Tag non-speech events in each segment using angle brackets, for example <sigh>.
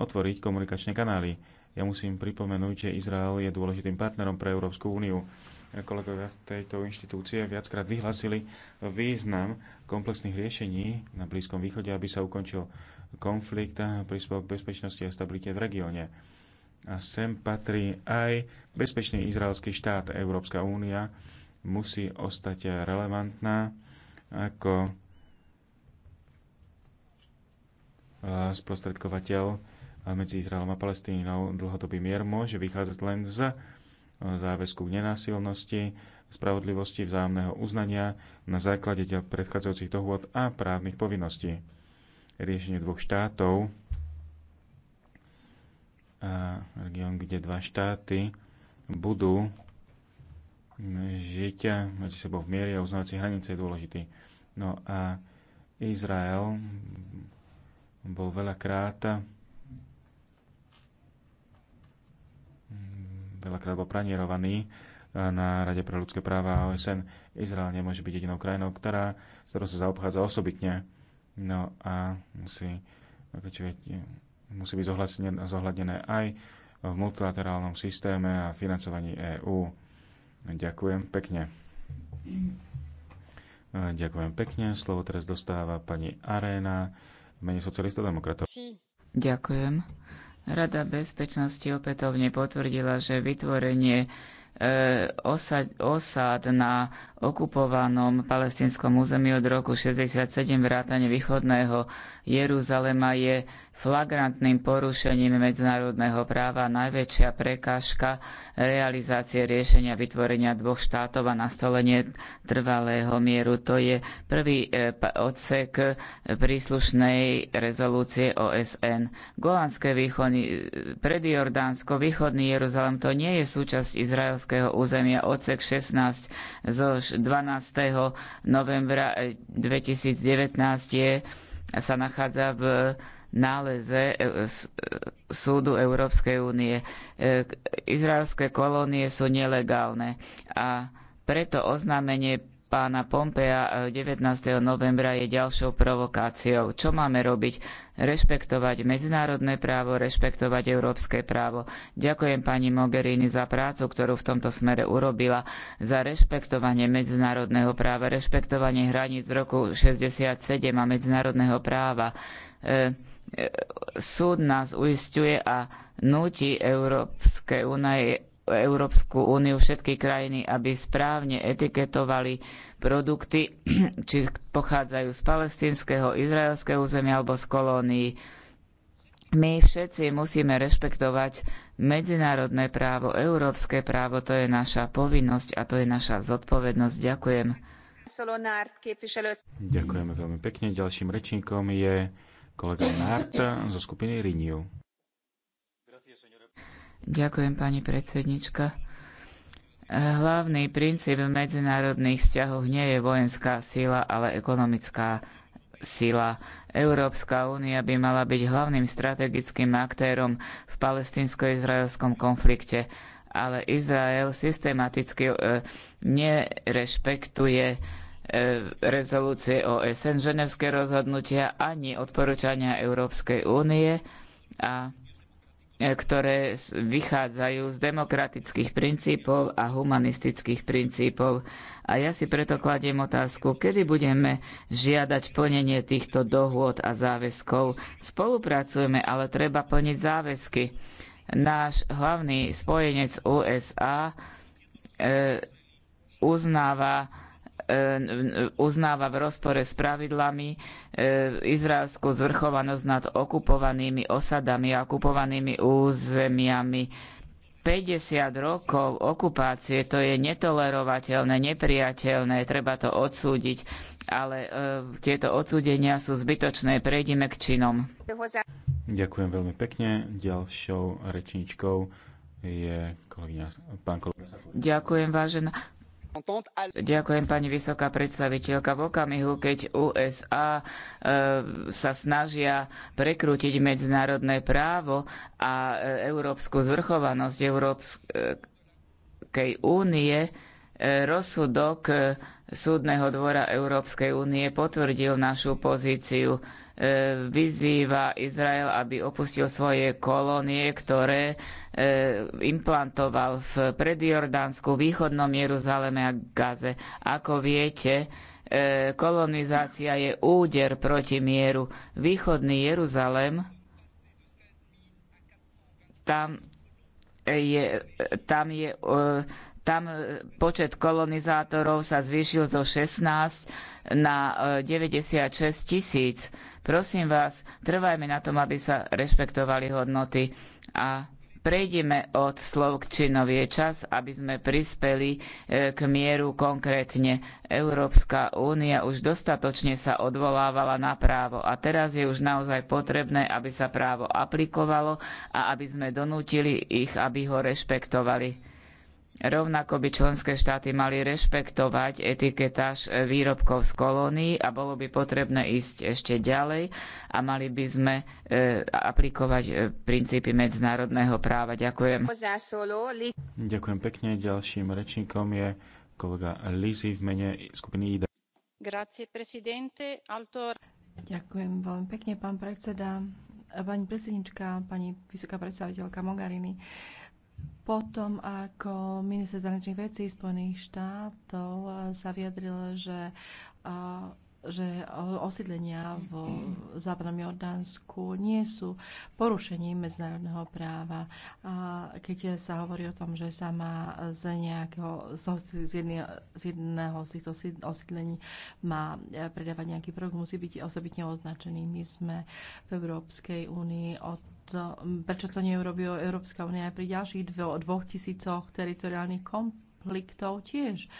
otvoriť komunikačné kanály. Ja musím pripomenúť, že Izrael je dôležitým partnerom pre Európsku úniu. Kolegovia tejto inštitúcie viackrát vyhlasili význam komplexných riešení na Blízkom východe, aby sa ukončil konflikt a prispel k bezpečnosti a stabilite v regióne. A sem patrí aj bezpečný izraelský štát. Európska únia musí ostať relevantná ako sprostredkovateľ medzi Izraelom a Palestínou. Dlhodobý mier môže vychádzať len z e, záväzku nenásilnosti, spravodlivosti, vzájomného uznania na základe predchádzajúcich dohôd a právnych povinností. Riešenie dvoch štátov a región, kde dva štáty budú žiť medzi sebou v miery a uznávať si hranice je dôležitý. No a Izrael bol veľakrát veľakrát bol pranierovaný e, na Rade pre ľudské práva a OSN. Izrael nemôže byť jedinou krajinou, ktorá, s ktorou sa zaobchádza osobitne. No a musí, musí byť zohľadnené aj v multilaterálnom systéme a financovaní EÚ. Ďakujem pekne. E, ďakujem pekne. Slovo teraz dostáva pani Arena v mene socialistov demokratov. Ďakujem. Rada bezpečnosti opätovne potvrdila, že vytvorenie e, osad, osad na okupovanom palestinskom území od roku 67 vrátane východného Jeruzalema je flagrantným porušením medzinárodného práva najväčšia prekážka realizácie riešenia vytvorenia dvoch štátov a nastolenie trvalého mieru. To je prvý e, odsek príslušnej rezolúcie OSN. Golanské východy, predjordánsko, východný Jeruzalem, to nie je súčasť izraelského územia. Odsek 16 zo 12. novembra 2019 e, je, sa nachádza v náleze e, e, súdu Európskej únie. E, izraelské kolónie sú nelegálne a preto oznámenie pána Pompea 19. novembra je ďalšou provokáciou. Čo máme robiť? Rešpektovať medzinárodné právo, rešpektovať európske právo. Ďakujem pani Mogherini za prácu, ktorú v tomto smere urobila, za rešpektovanie medzinárodného práva, rešpektovanie hraníc roku 67 a medzinárodného práva. E, E, súd nás uistuje a núti Európske únie, Európsku úniu všetky krajiny, aby správne etiketovali produkty, <clears throat> či pochádzajú z palestinského, izraelského územia alebo z kolónií. My všetci musíme rešpektovať medzinárodné právo, európske právo, to je naša povinnosť a to je naša zodpovednosť. Ďakujem. Ďakujeme veľmi pekne. Ďalším rečníkom je kolega Nart zo skupiny Renew. Ďakujem, pani predsednička. Hlavný princíp v medzinárodných vzťahoch nie je vojenská sila, ale ekonomická sila. Európska únia by mala byť hlavným strategickým aktérom v palestinsko izraelskom konflikte, ale Izrael systematicky e, nerešpektuje E, rezolúcie OSN, e ženevské rozhodnutia ani odporúčania Európskej únie, a, e, ktoré vychádzajú z demokratických princípov a humanistických princípov. A ja si preto kladiem otázku, kedy budeme žiadať plnenie týchto dohôd a záväzkov. Spolupracujeme, ale treba plniť záväzky. Náš hlavný spojenec USA e, uznáva E, uznáva v rozpore s pravidlami e, izraelskú zvrchovanosť nad okupovanými osadami a okupovanými územiami. 50 rokov okupácie, to je netolerovateľné, nepriateľné, treba to odsúdiť, ale e, tieto odsúdenia sú zbytočné. Prejdime k činom. Ďakujem veľmi pekne. Ďalšou rečníčkou je kolegyňa, pán kolega. Ďakujem, vážená Ďakujem pani vysoká predstaviteľka. V okamihu, keď USA e, sa snažia prekrútiť medzinárodné právo a e, európsku zvrchovanosť Európskej únie, e, rozsudok e, Súdneho dvora Európskej únie potvrdil našu pozíciu. E, vyzýva Izrael, aby opustil svoje kolónie, ktoré e, implantoval v predjordánsku, východnom Jeruzaleme a Gaze. Ako viete, e, kolonizácia je úder proti mieru. Východný Jeruzalem, tam je, tam je tam e, počet kolonizátorov sa zvýšil zo 16 na 96 e, tisíc. Prosím vás, trvajme na tom, aby sa rešpektovali hodnoty a prejdeme od slov k činov. Je čas, aby sme prispeli e, k mieru konkrétne. Európska únia už dostatočne sa odvolávala na právo a teraz je už naozaj potrebné, aby sa právo aplikovalo a aby sme donútili ich, aby ho rešpektovali Rovnako by členské štáty mali rešpektovať etiketáž výrobkov z kolónií a bolo by potrebné ísť ešte ďalej a mali by sme e, aplikovať e, princípy medzinárodného práva. Ďakujem. Ďakujem pekne. Ďalším rečníkom je kolega Lizy v mene skupiny ID. Grazie, presidente. Altor... Ďakujem veľmi pekne, pán predseda. Pani predsednička, pani vysoká predstaviteľka Mogarini potom, ako minister zahraničných vecí Spojených štátov eh, sa vyjadril, že, eh, že osídlenia v západnom Jordánsku nie sú porušením medzinárodného práva. A keď sa hovorí o tom, že sa má z, nejakého, z, jedného, z jedného z týchto osídlení má eh, predávať nejaký produkt, musí byť osobitne označený. My sme v Európskej únii od to, prečo to neurobilo Európska únia aj pri ďalších dvo, dvoch tisícoch teritoriálnych konfliktov tiež.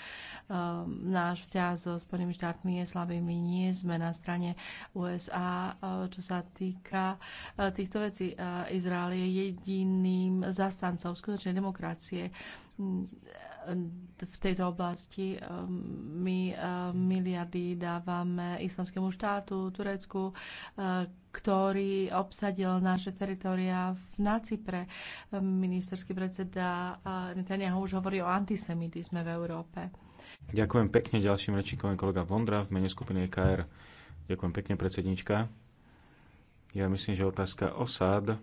Um, náš vzťah so Spojenými štátmi je slabý. My nie sme na strane USA, ehm, čo sa týka ehm, týchto vecí. Izrael je jediným zastancom skutočnej demokracie v tejto oblasti. Ehm, my ehm, miliardy dávame islamskému štátu, Turecku, ehm, ktorý obsadil naše teritoria na Cypre. Ministerský predseda eh, Netanyahu už hovorí o antisemitizme v Európe. Ďakujem pekne ďalším rečníkom kolega Vondra v mene skupiny e KR. Ďakujem pekne, predsednička. Ja myslím, že otázka osád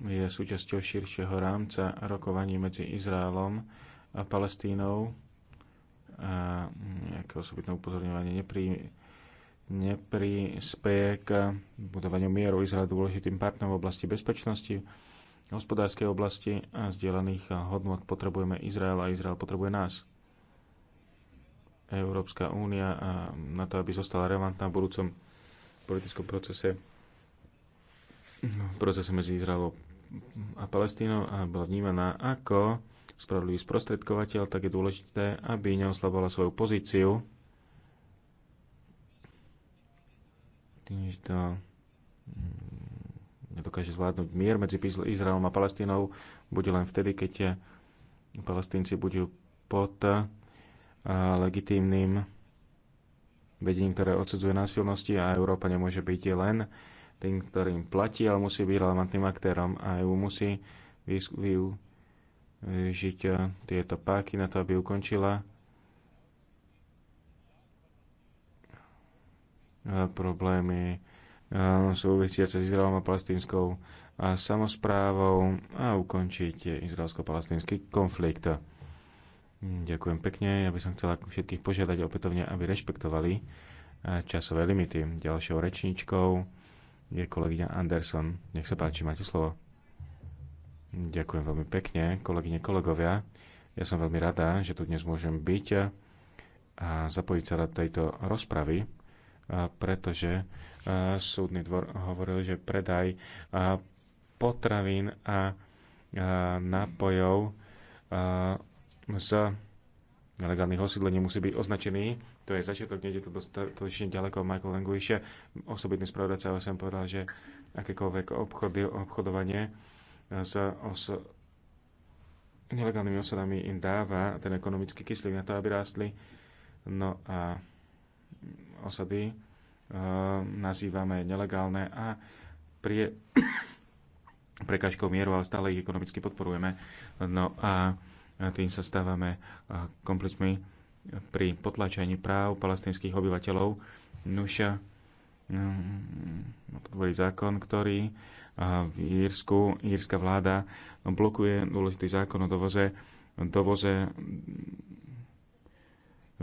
je súčasťou širšieho rámca rokovaní medzi Izraelom a Palestínou. A nejaké osobitné upozorňovanie neprí, neprispeje k budovaniu mieru Izrael dôležitým partnerom v oblasti bezpečnosti, hospodárskej oblasti a zdieľaných hodnot potrebujeme Izrael a Izrael potrebuje nás. Európska únia a na to, aby zostala relevantná v budúcom politickom procese, procese medzi Izraelom a Palestínou a bola vnímaná ako spravodlivý sprostredkovateľ, tak je dôležité, aby neoslabovala svoju pozíciu. Tým, že to mm, nedokáže zvládnuť mier medzi Izraelom a Palestínou, bude len vtedy, keď Palestínci budú pod legitímnym vedením, ktoré odsudzuje násilnosti a Európa nemôže byť len tým, ktorým platí, ale musí byť relevantným aktérom a EU musí využiť eh, tieto páky na to, aby ukončila eh, problémy eh, súvisiace s Izraelom a palestínskou a samozprávou a ukončiť izraelsko-palestínsky konflikt. Ďakujem pekne. Ja by som chcela všetkých požiadať opätovne, aby rešpektovali časové limity. Ďalšou rečníčkou je kolegyňa Anderson. Nech sa páči, máte slovo. Ďakujem veľmi pekne, kolegyne, kolegovia. Ja som veľmi rada, že tu dnes môžem byť a zapojiť sa do tejto rozpravy, pretože súdny dvor hovoril, že predaj potravín a nápojov z nelegálnych osídlení musí byť označený. To je začiatok, nejde to dostatočne ďaleko. Michael Languishe, osobitný spravodajca OSM, povedal, že akékoľvek obchody, obchodovanie s os- nelegálnymi osadami im dáva ten ekonomický kyslík na to, aby rástli. No a osady e, nazývame nelegálne a prie <coughs> prekažkou mieru, ale stále ich ekonomicky podporujeme. No a a tým sa stávame komplicmi pri potlačení práv palestinských obyvateľov. Nuša mm, podporí zákon, ktorý v Írsku, írska vláda blokuje dôležitý zákon o dovoze, dovoze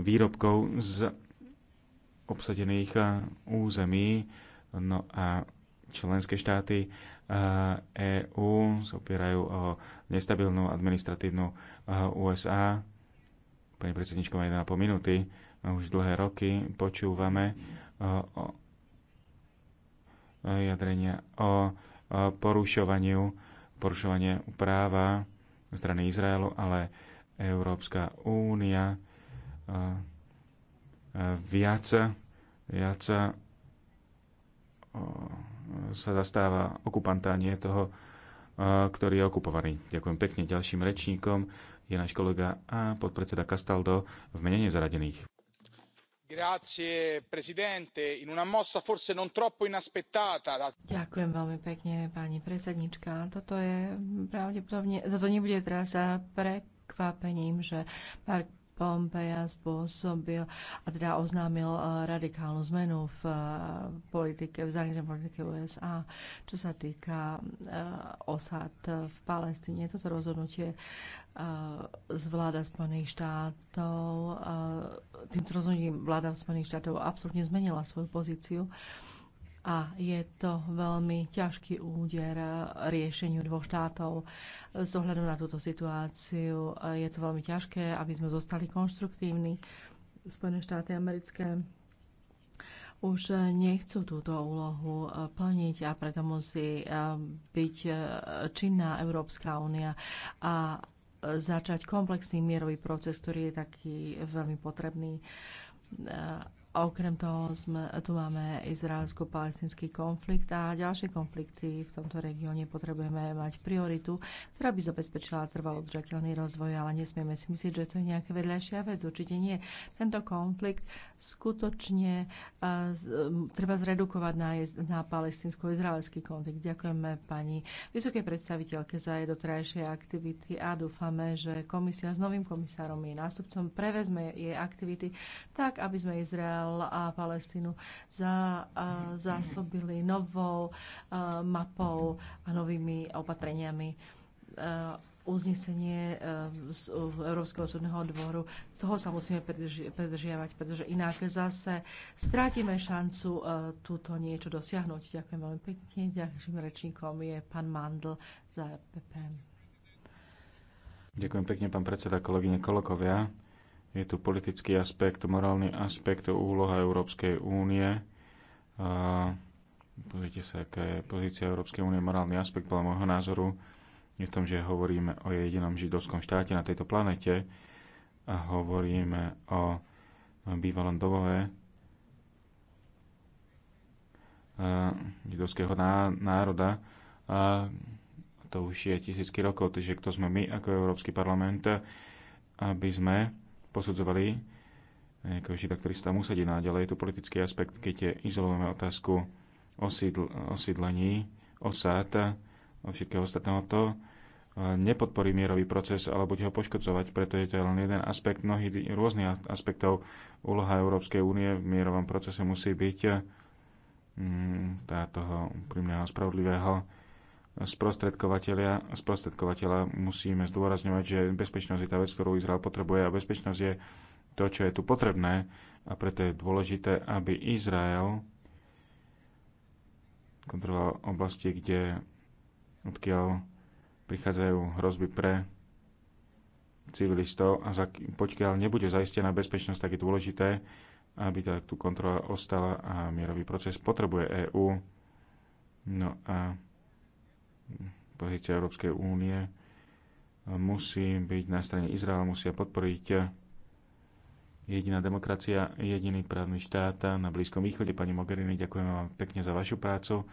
výrobkov z obsadených území. No a členské štáty EÚ e sa opierajú o nestabilnú administratívnu e, USA. Pani predsedničko, 1,5 minúty. E, už dlhé roky počúvame o jadrenia o porušovaniu porušovanie práva strany Izraelu, ale Európska únia viac, viac sa zastáva okupanta, nie toho, e, ktorý je okupovaný. Ďakujem pekne ďalším rečníkom. Je náš kolega a podpredseda Castaldo v mene nezaradených. Grazie, Ďakujem veľmi pekne, pani predsednička. Toto je pravdepodobne, toto nebude teraz prekvapením, že pár Pompeja spôsobil a teda oznámil eh, radikálnu zmenu v eh, politike, v zahraničnej politike USA, čo sa týka eh, osad v Palestíne. Toto rozhodnutie z vláda Spojených štátov, týmto rozhodnutím vláda Spojených štátov absolútne zmenila svoju pozíciu a je to veľmi ťažký úder riešeniu dvoch štátov. S ohľadom na túto situáciu eh, je to veľmi ťažké, aby sme zostali konštruktívni. Spojené štáty americké už eh, nechcú túto úlohu eh, plniť a preto musí byť činná Európska únia a začať komplexný mierový proces, ktorý je taký veľmi potrebný Okrem toho sme, tu máme izraelsko-palestinský konflikt a ďalšie konflikty v tomto regióne potrebujeme mať prioritu, ktorá by zabezpečila trvalo udržateľný rozvoj, ale nesmieme si myslieť, že to je nejaká vedľajšia vec. Určite nie. Tento konflikt skutočne uh, treba zredukovať na, na palestinsko-izraelský konflikt. Ďakujeme pani vysokej predstaviteľke za jej doterajšie aktivity a dúfame, že komisia s novým komisárom jej nástupcom prevezme jej aktivity tak, aby sme Izrael Izrael a Palestínu za, zásobili novou mapou a novými opatreniami uznesenie e, Európskeho súdneho dvoru. Toho sa musíme predržiavať, pretože inak zase strátime šancu e, túto niečo dosiahnuť. Ďakujem veľmi pekne. Ďakujem rečníkom je pán Mandl za e PPM. Ďakujem pekne, pán predseda, kolegyne, kolegovia. Je tu politický aspekt, morálny aspekt, úloha Európskej únie. Pozrite sa, aká je pozícia Európskej únie, morálny aspekt, podľa môjho názoru, je v tom, že hovoríme o jedinom židovskom štáte na tejto planete a hovoríme o bývalom dobove židovského národa. A to už je tisícky rokov, takže kto sme my ako Európsky parlament, aby sme posudzovali eh, ako žida, ktorý sa tam usadí náďalej. No je tu politický aspekt, keď izolujeme otázku osídl, osídlení, osád a všetkého ostatného. To eh, nepodporí mierový proces alebo bude ho poškodzovať, preto je to len jeden aspekt mnohých rôznych aspektov. Úloha Európskej únie v mierovom procese musí byť mm, táto úprimného spravodlivého sprostredkovateľa, sprostredkovateľa musíme zdôrazňovať, že bezpečnosť je tá vec, ktorú Izrael potrebuje a bezpečnosť je to, čo je tu potrebné a preto je dôležité, aby Izrael kontroloval oblasti, kde odkiaľ prichádzajú hrozby pre civilistov a za, pokiaľ nebude zaistená bezpečnosť, tak je dôležité, aby tá, tu kontrola ostala a mierový proces potrebuje EÚ. No a pozícia Európskej únie musí byť na strane Izraela, musia podporiť jediná demokracia, jediný právny štát na Blízkom východe. Pani Mogherini, ďakujem vám pekne za vašu prácu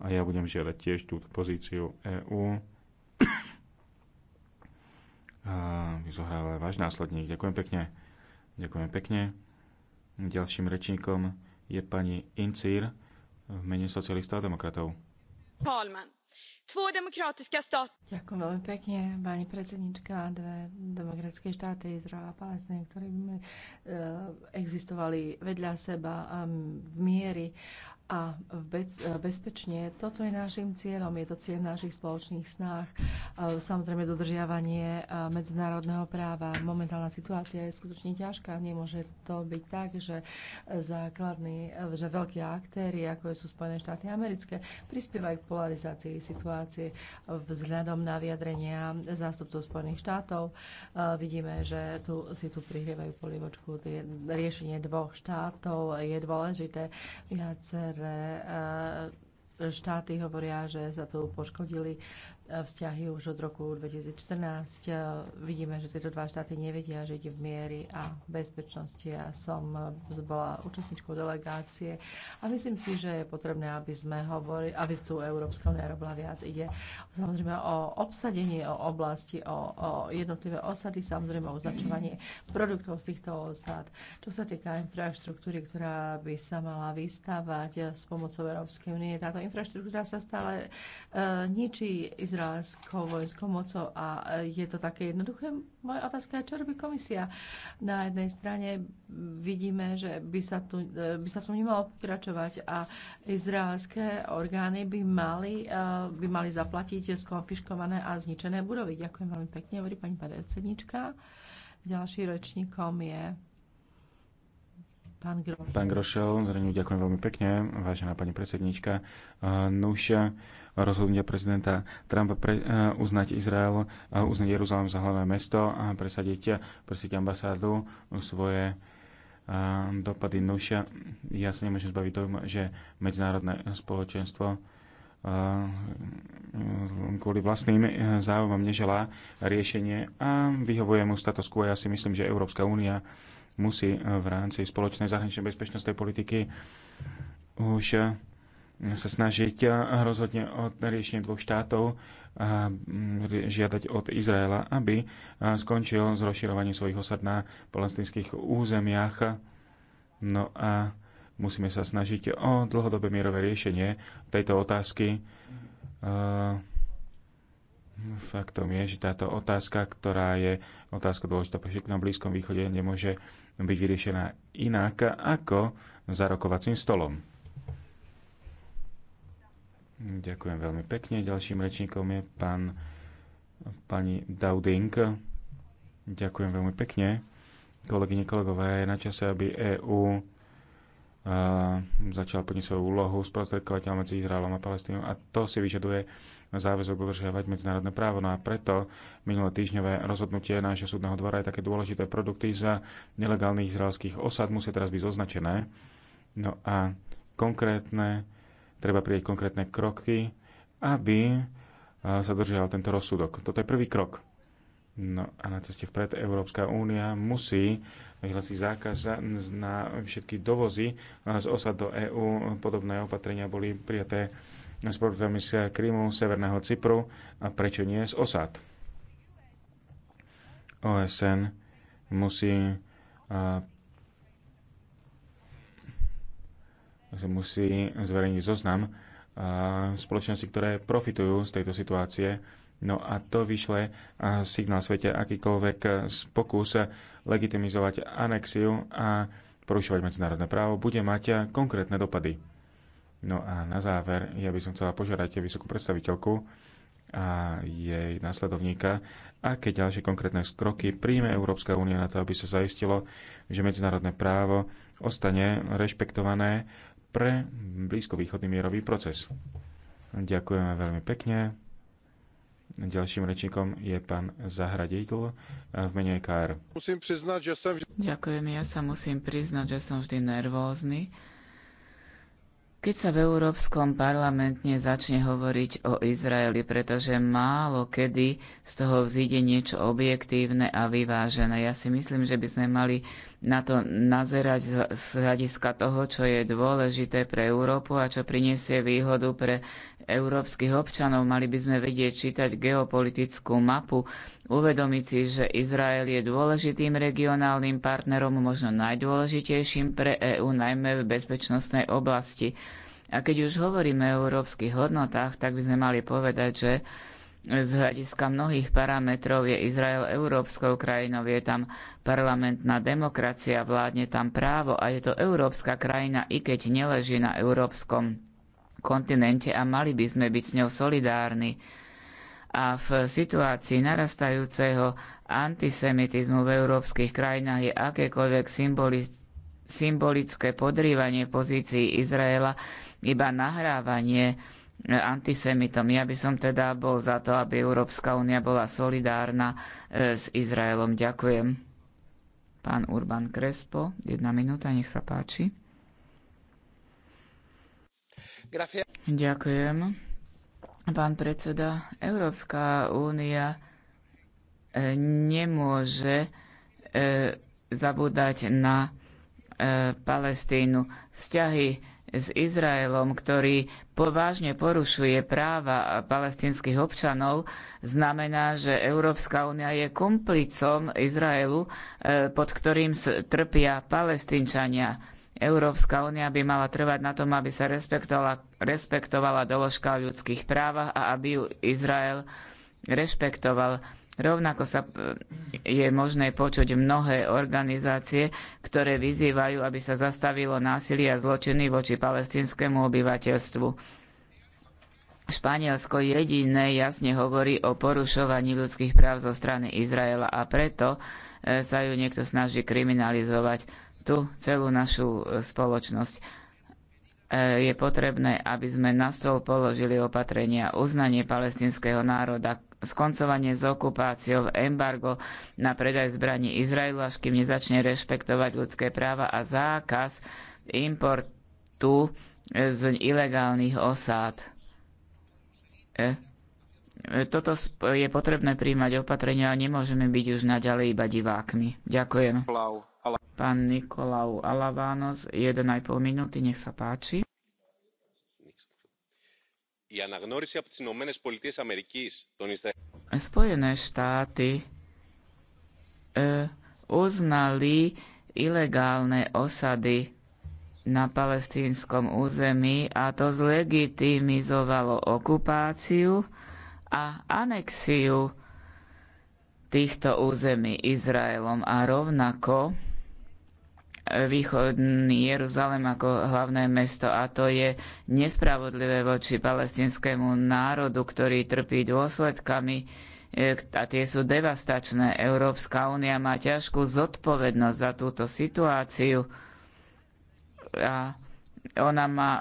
a ja budem želať tiež túto pozíciu EÚ. Vyzohráva váš následník. Ďakujem pekne. Ďakujem pekne. Ďalším rečníkom je pani Incír v mene socialistov a demokratov. Paulman. Ďakujem veľmi pekne, pani predsednička. Dve demokratické štáty, Izrael a Palestín, ktoré by eh, existovali vedľa seba v miery a bezpečne. Toto je našim cieľom, je to cieľ našich spoločných snách. E, samozrejme dodržiavanie e, medzinárodného práva. Momentálna situácia je skutočne ťažká. Nemôže to byť tak, že základní, že veľkí aktéry, ako sú Spojené štáty americké, prispievajú k polarizácii situácie vzhľadom na vyjadrenia zástupcov Spojených štátov. E, vidíme, že tu, si tu prihrievajú polievočku. Riešenie dvoch štátov je dôležité. Viacer Niektoré eh, štáty hovoria, že sa tu poškodili Eh, vzťahy už od roku 2014. Eh, vidíme, že tieto dva štáty nevedia ide v miery a bezpečnosti. Ja som eh, bola účastníčkou delegácie a myslím si, že je potrebné, aby sme hovorili, aby tu Európska unia robila viac. Ide samozrejme o obsadenie, o oblasti, o, o jednotlivé osady, samozrejme o označovanie produktov z týchto osad. Čo sa týka infraštruktúry, ktorá by sa mala vystavať s pomocou Európskej únie, táto infraštruktúra sa stále e, ničí izraelskou vojenskou mocou a e, je to také jednoduché? Moja otázka je, čo robí komisia? Na jednej strane vidíme, že by sa, tu, e, by sa v tom nemalo pokračovať a izraelské orgány by mali, e, by mali zaplatiť skonfiškované a zničené budovy. Ďakujem veľmi pekne, hovorí pani predsednička. Ďalší ročníkom je Pán Grošel. Pán Grošel, zrejme ďakujem veľmi pekne, vážená pani predsednička. Nuša, rozhodnutia prezidenta Trumpa pre, eh, uznať Izrael, eh, uznať Jeruzalém za hlavné mesto a presadiť, presadiť ambasádu svoje eh, dopady nuša. Ja sa nemôžem zbaviť tomu, že medzinárodné spoločenstvo kvôli vlastným záujmom neželá riešenie a vyhovuje mu status quo. Ja si myslím, že Európska únia musí v rámci spoločnej zahraničnej bezpečnostnej politiky už sa snažiť rozhodne o riešenie dvoch štátov a žiadať od Izraela, aby skončil s rozširovaním svojich osad na palestinských územiach. No a musíme sa snažiť o dlhodobé mierové riešenie tejto otázky. Faktom je, že táto otázka, ktorá je otázka dôležitá pre všetkým na Blízkom východe, nemôže byť vyriešená inak ako za rokovacím stolom. Ďakujem veľmi pekne. Ďalším rečníkom je pán, pani Dauding. Ďakujem veľmi pekne. Kolegyne, kolegové, je na čase, aby EÚ začal plniť svoju úlohu sprostredkovateľa medzi Izraelom a Palestínou a to si vyžaduje záväzok dodržiavať medzinárodné právo. No a preto minulé týždňové rozhodnutie nášho súdneho dvora je také dôležité. Produkty za nelegálnych izraelských osad musia teraz byť označené. No a konkrétne treba prijať konkrétne kroky, aby eh, sa dodržiaval tento rozsudok. Toto je prvý krok. No a na ceste vpred Európska únia musí vyhlásiť zákaz na všetky dovozy eh, z osad do EÚ. Podobné opatrenia boli prijaté s produktami z Krymu, Severného Cypru a prečo nie z osad. OSN musí eh, sa musí zverejniť zoznam spoločnosti, ktoré profitujú z tejto situácie. No a to vyšle signál svete akýkoľvek pokus legitimizovať anexiu a porušovať medzinárodné právo bude mať konkrétne dopady. No a na záver, ja by som chcela požiadať vysokú predstaviteľku a jej následovníka, aké ďalšie konkrétne kroky príjme Európska únia na to, aby sa zaistilo, že medzinárodné právo ostane rešpektované pre blízkovýchodný mierový proces. Ďakujeme veľmi pekne. Ďalším rečníkom je pán Zahraditeľ eh, v mene e KR. Musím priznať, že som... Ďakujem, ja sa musím priznať, že som vždy nervózny. Keď sa v Európskom parlamentne začne hovoriť o Izraeli, pretože málo kedy z toho vzíde niečo objektívne a vyvážené. Ja si myslím, že by sme mali na to nazerať z hľadiska toho, čo je dôležité pre Európu a čo priniesie výhodu pre európskych občanov. Mali by sme vedieť čítať geopolitickú mapu, uvedomiť si, že Izrael je dôležitým regionálnym partnerom, možno najdôležitejším pre EÚ, najmä v bezpečnostnej oblasti. A keď už hovoríme o európskych hodnotách, tak by sme mali povedať, že z hľadiska mnohých parametrov je Izrael európskou krajinou, je tam parlamentná demokracia, vládne tam právo a je to európska krajina, i keď neleží na európskom kontinente a mali by sme byť s ňou solidárni. A v situácii narastajúceho antisemitizmu v európskych krajinách je akékoľvek symbolické podrývanie pozícií Izraela iba nahrávanie antisemitom. Ja by som teda bol za to, aby Európska únia bola solidárna e, s Izraelom. Ďakujem. Pán Urban Krespo, jedna minúta, nech sa páči. Grafia. Ďakujem. Pán predseda, Európska únia e, nemôže e, zabúdať na Palestínu. Vzťahy s Izraelom, ktorý vážne porušuje práva palestinských občanov, znamená, že Európska únia je komplicom Izraelu, e, pod ktorým trpia palestínčania. Európska únia by mala trvať na tom, aby sa respektovala, respektovala doložka o ľudských právach a aby ju Izrael rešpektoval. Rovnako sa eh, je možné počuť mnohé organizácie, ktoré vyzývajú, aby sa zastavilo násilie a zločiny voči palestinskému obyvateľstvu. Španielsko jediné jasne hovorí o porušovaní ľudských práv zo strany Izraela a preto eh, sa ju niekto snaží kriminalizovať tú celú našu eh, spoločnosť je potrebné, aby sme na stôl položili opatrenia uznanie palestinského národa skoncovanie s okupáciou, embargo na predaj zbraní Izraelu, až kým nezačne rešpektovať ľudské práva a zákaz importu e, z ilegálnych osád. E, e, toto je potrebné príjmať opatrenia a nemôžeme byť už naďalej iba divákmi. Ďakujem. Pán Nikolau Alavános, 1,5 minúty, nech sa páči. Spojené štáty uznali ilegálne osady na palestínskom území a to zlegitimizovalo okupáciu a anexiu týchto území Izraelom a rovnako východný Jeruzalem ako hlavné mesto a to je nespravodlivé voči palestinskému národu, ktorý trpí dôsledkami e, a tie sú devastačné. Európska únia má ťažkú zodpovednosť za túto situáciu a ona má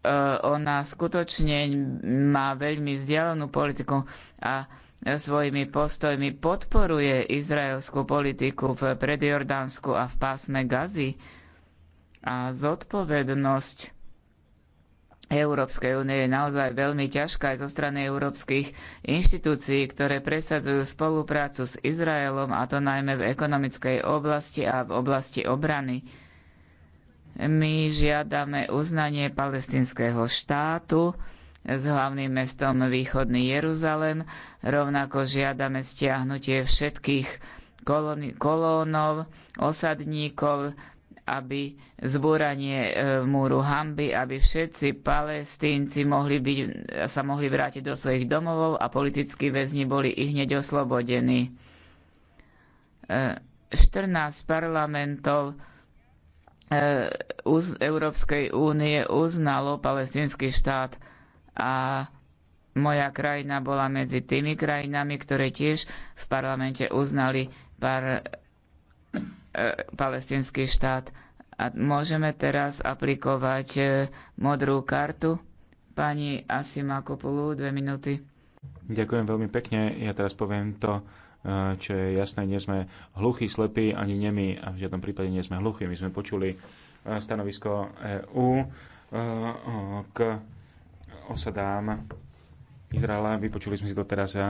e, ona skutočne má veľmi vzdialenú politiku a svojimi postojmi podporuje izraelskú politiku v predjordánsku a v pásme Gazy a zodpovednosť Európskej únie je naozaj veľmi ťažká aj zo strany európskych inštitúcií, ktoré presadzujú spoluprácu s Izraelom, a to najmä v ekonomickej oblasti a v oblasti obrany. My žiadame uznanie palestinského štátu, s hlavným mestom Východný Jeruzalem. Rovnako žiadame stiahnutie všetkých kolón kolónov, osadníkov, aby zbúranie e, múru Hamby, aby všetci palestínci mohli byť, sa mohli vrátiť do svojich domovov a politickí väzni boli i hneď oslobodení. 14 e, parlamentov e, Európskej únie uznalo palestínsky štát a moja krajina bola medzi tými krajinami, ktoré tiež v parlamente uznali par, e, palestinský štát. A môžeme teraz aplikovať e, modrú kartu. Pani Asima Kopulu, dve minúty. Ďakujem veľmi pekne. Ja teraz poviem to, e, čo je jasné. Nie sme hluchí, slepí, ani nemi. A v žiadnom prípade nie sme hluchí. My sme počuli e, stanovisko EÚ e, k osadám Izraela. Vypočuli sme si to teraz eh,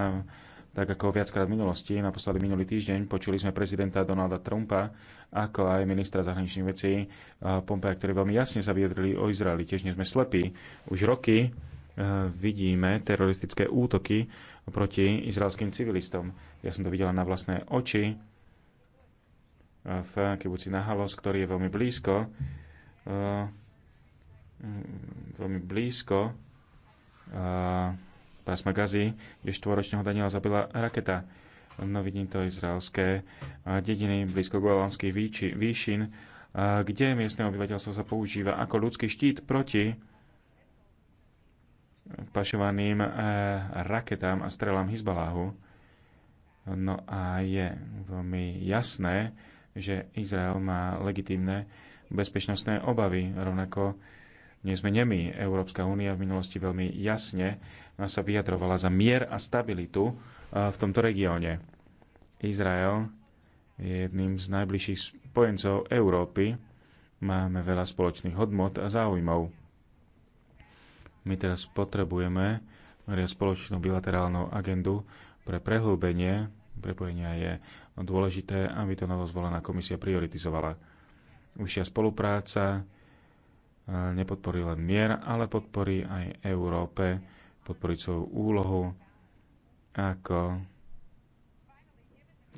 tak ako viackrát v minulosti, naposledy minulý týždeň, počuli sme prezidenta Donalda Trumpa, ako aj ministra zahraničných vecí eh, Pompea, ktorí veľmi jasne sa vyjadrili o Izraeli. Tiež nie sme slepí. Už roky eh, vidíme teroristické útoky proti izraelským civilistom. Ja som to videla na vlastné oči v kibuci Nahalos, ktorý je veľmi blízko mm, veľmi blízko pásma Gazi kde štvoročného Daniela zabila raketa. No vidím to izraelské dediny blízko Golanských výšin, kde miestne obyvateľstvo sa používa ako ľudský štít proti pašovaným e, raketám a strelám Hizbaláhu. No a je veľmi jasné, že Izrael má legitímne bezpečnostné obavy, rovnako nie sme nemi. Európska únia v minulosti veľmi jasne sa vyjadrovala za mier a stabilitu e, v tomto regióne. Izrael je jedným z najbližších spojencov Európy. Máme veľa spoločných hodnot a záujmov. My teraz potrebujeme spoločnú bilaterálnu agendu pre prehlbenie prepojenia je dôležité, aby to novozvolená komisia prioritizovala. Užšia spolupráca, nepodporí len mier, ale podporí aj Európe, podporí svoju úlohu ako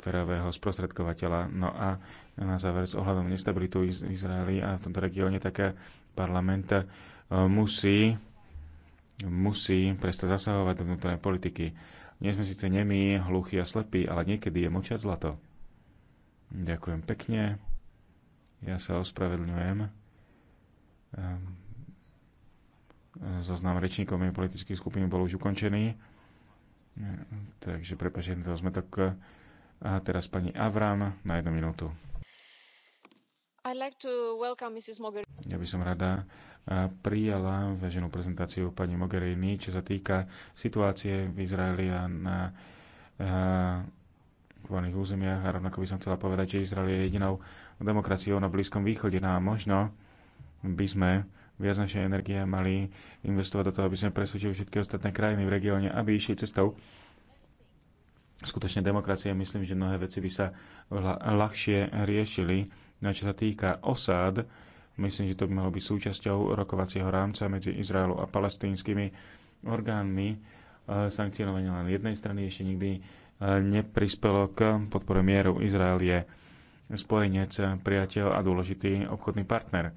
ferového sprostredkovateľa. No a na záver s ohľadom nestabilitu Izraeli a v tomto regióne také parlament e, musí, musí prestať zasahovať do vnútornej politiky. Nie sme síce nemí, hluchí a slepí, ale niekedy je močať zlato. Ďakujem pekne. Ja sa ospravedlňujem. Ehm, zoznam rečníkov mimo politických skupín bol už ukončený. Takže prepáčte, to sme tak... A teraz pani Avram na jednu minútu. Like ja by som rada prijala veženú prezentáciu pani Mogherini, čo sa týka situácie v Izraeli a na kvôrnych územiach. A rovnako by som chcela povedať, že Izrael je jedinou demokraciou na Blízkom východe. No a možno by sme viac našej energie mali investovať do toho, aby sme presvedčili všetky ostatné krajiny v regióne, aby išli cestou skutočne demokracie. Myslím, že mnohé veci by sa ľahšie riešili. No a čo sa týka osád, myslím, že to by malo byť súčasťou rokovacieho rámca medzi Izraelu a palestínskymi orgánmi. E, sankcionovanie len jednej strany ešte nikdy e, neprispelo k podpore mieru. Izrael je spojenec, priateľ a dôležitý obchodný partner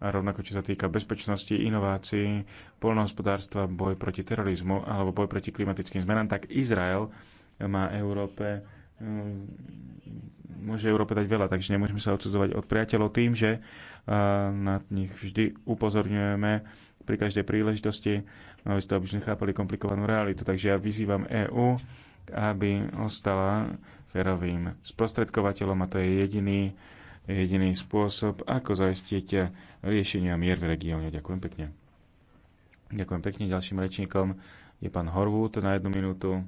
a rovnako čo sa týka bezpečnosti, inovácií, polnohospodárstva, boj proti terorizmu alebo boj proti klimatickým zmenám, tak Izrael má Európe mm, môže Európe dať veľa, takže nemôžeme sa odsudzovať od priateľov tým, že na nich vždy upozorňujeme pri každej príležitosti, aby to, aby sme chápali komplikovanú realitu. Takže ja vyzývam EÚ, aby ostala férovým sprostredkovateľom a to je jediný jediný spôsob, ako zaistiť riešenia mier v regióne. Ďakujem pekne. Ďakujem pekne ďalším rečníkom. Je pán Horvút na jednu minútu.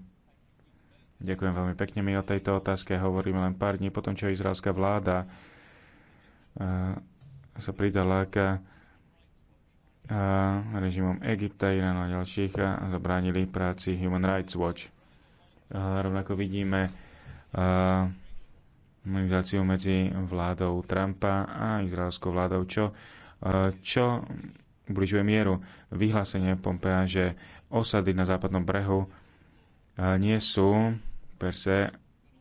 Ďakujem veľmi pekne. My o tejto otázke hovoríme len pár dní potom, čo izraelská vláda eh, sa pridala k eh, režimom Egypta, Iránu a ďalších a zabránili práci Human Rights Watch. A rovnako vidíme eh, mobilizáciu medzi vládou Trumpa a izraelskou vládou, čo, eh, čo ubližuje mieru. Vyhlásenie Pompea, že osady na západnom brehu eh, nie sú per se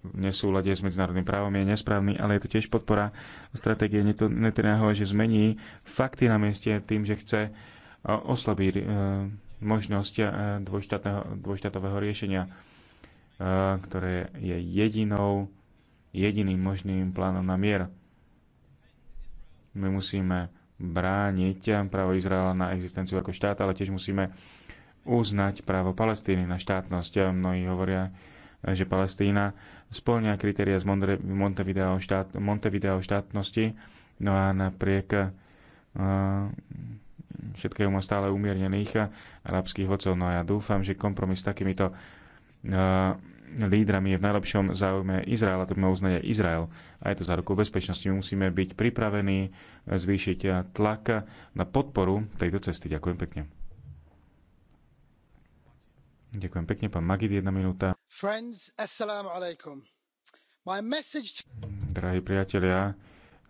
nesúlade s medzinárodným právom je nesprávny, ale je to tiež podpora stratégie Netanyahu, že zmení fakty na mieste tým, že chce eh, oslabiť možnosť dvojštátového riešenia, ktoré je jedinou jediným možným plánom na mier. My musíme brániť právo Izraela na existenciu ako štát, ale tiež musíme uznať právo Palestíny na štátnosť. Mnohí hovoria, že Palestína spĺňa kritéria z Montevideo, štát, Montevideo štátnosti, no a napriek uh, všetkému stále umiernených arabských vodcov. No a ja dúfam, že kompromis s takýmito uh, lídrami je v najlepšom záujme Izraela, to by mal uznať aj Izrael. A je to za ruku bezpečnosti. My musíme byť pripravení zvýšiť tlak na podporu tejto cesty. Ďakujem pekne. Ďakujem pekne, pán Magid, jedna minúta. Friends, assalamu alaikum. My message... Drahí priatelia,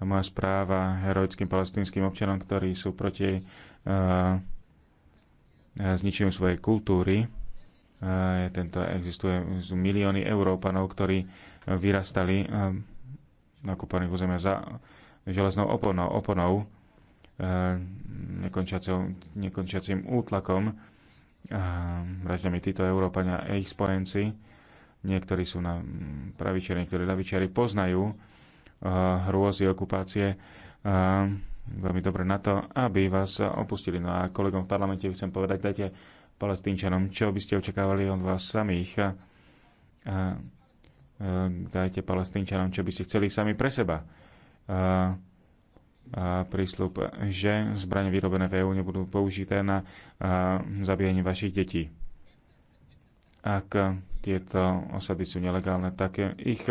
moja správa heroickým palestinským občanom, ktorí sú proti uh, zničeniu svojej kultúry, Eh, tento existuje, sú milióny Európanov, ktorí eh, vyrastali eh, na kúpaných územia za železnou oponou, oponou nekončiacim útlakom vraždami títo Európania a ich spojenci. Niektorí sú na mm, pravičiari, niektorí ľavičiari poznajú hrôzy okupácie veľmi dobre na to, aby vás opustili. No a kolegom v parlamente chcem povedať, dajte palestínčanom, čo by ste očakávali od vás samých. A, a, dajte palestínčanom, čo by ste chceli sami pre seba. A, a prísľub, že zbranie vyrobené v EÚ nebudú použité na a, zabíjanie vašich detí. Ak tieto osady sú nelegálne, tak ich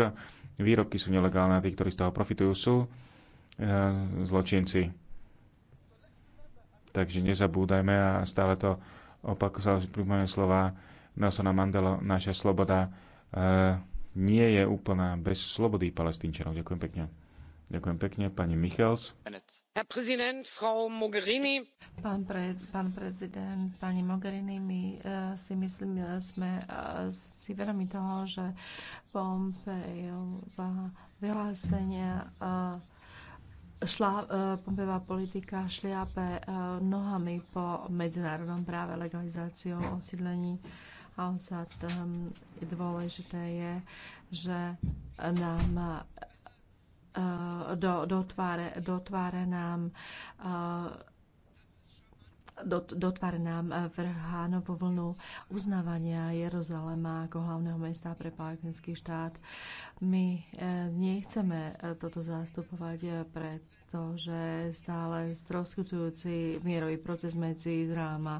výrobky sú nelegálne a tí, ktorí z toho profitujú, sú a, e, zločinci. Takže nezabúdajme a stále to opak sa pripomínajú slova Nelsona Mandela, naša sloboda e, nie je úplná bez slobody palestínčanov. Ďakujem pekne. Ďakujem pekne, pani Michels. Pán, pre, pán prezident, pani Mogherini, my uh, si myslím, že eh, sme uh, si vedomi toho, že Pompejová vyhlásenia uh, šla e, pompevá politika šliape e, nohami po medzinárodnom práve legalizáciou osídlení a osad. Dôležité je, že nám e, do, do, tváre, do tváre nám do, do tvár nám vrhá novú vlnu uznávania Jeruzalema ako hlavného mesta pre palestinský štát. My eh, nechceme eh, toto zastupovať eh, pred to, že stále stroskutujúci mierový proces medzi Izraelom a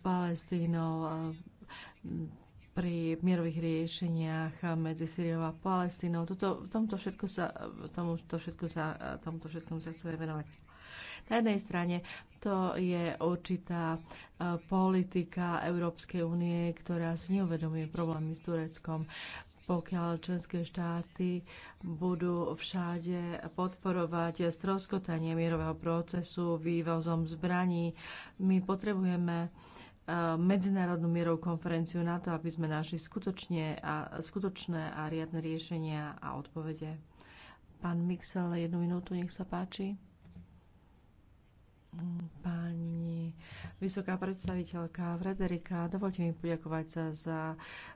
Palestínou pri mierových riešeniach medzi Syriou a Palestínou. Toto, tomto všetko sa, tomuto všetko sa, tomuto všetkom sa chceme venovať. Na jednej strane to je určitá e, politika Európskej únie, ktorá si neuvedomuje problémy s Tureckom pokiaľ členské štáty budú všade podporovať stroskotanie mierového procesu vývozom zbraní. My potrebujeme e, medzinárodnú mierovú konferenciu na to, aby sme našli skutočne a, skutočné a riadne riešenia a odpovede. Pán Mixel, jednu minútu, nech sa páči. Pani vysoká predstaviteľka Frederika, dovolte mi poďakovať sa za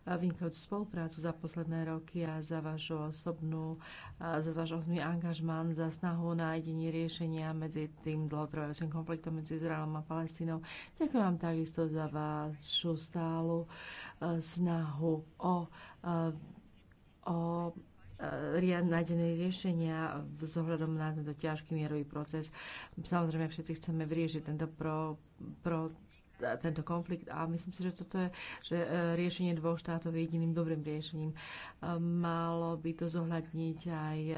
vynikajúcu spoluprácu za posledné roky a za vašu osobnú, za váš osobný angažman, za snahu o nájdenie riešenia medzi tým dlhotrvajúcim konfliktom medzi Izraelom a Palestínou. Ďakujem vám takisto za vašu stálu e, snahu o e, o nájdené riešenia vzhľadom na tento ťažký mierový proces. Samozrejme, všetci chceme vyriešiť tento pro, pro tento konflikt a myslím si, že toto je, že e, riešenie dvoch štátov je jediným dobrým riešením. E, malo by to zohľadniť aj e,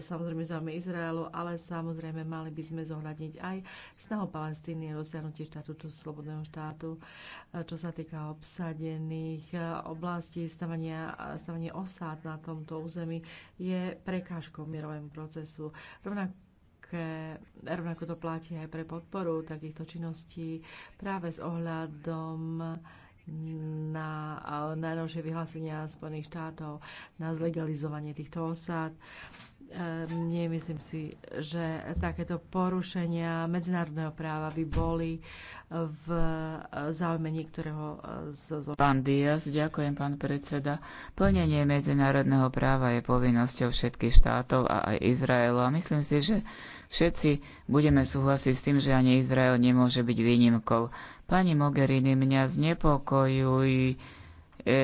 samozrejme záujme Izraelu, ale samozrejme mali by sme zohľadniť aj snahu Palestíny dosiahnutie štátu slobodného štátu, e, čo sa týka obsadených e, oblastí, e, stavanie osád na tomto území je prekážkou mierovému procesu. Rovnako rovnako to platí aj pre podporu takýchto činností práve s ohľadom na najnovšie vyhlásenia Spojených štátov na zlegalizovanie týchto osád. Ehm, nemyslím si, že takéto porušenia medzinárodného práva by boli eh, v eh, záujme niektorého eh, z... Pán Díaz, ďakujem, pán predseda. Plnenie medzinárodného práva je povinnosťou všetkých štátov a aj Izraelu. A myslím si, že všetci budeme súhlasiť s tým, že ani Izrael nemôže byť výnimkou. Pani Mogherini, mňa znepokojujú E,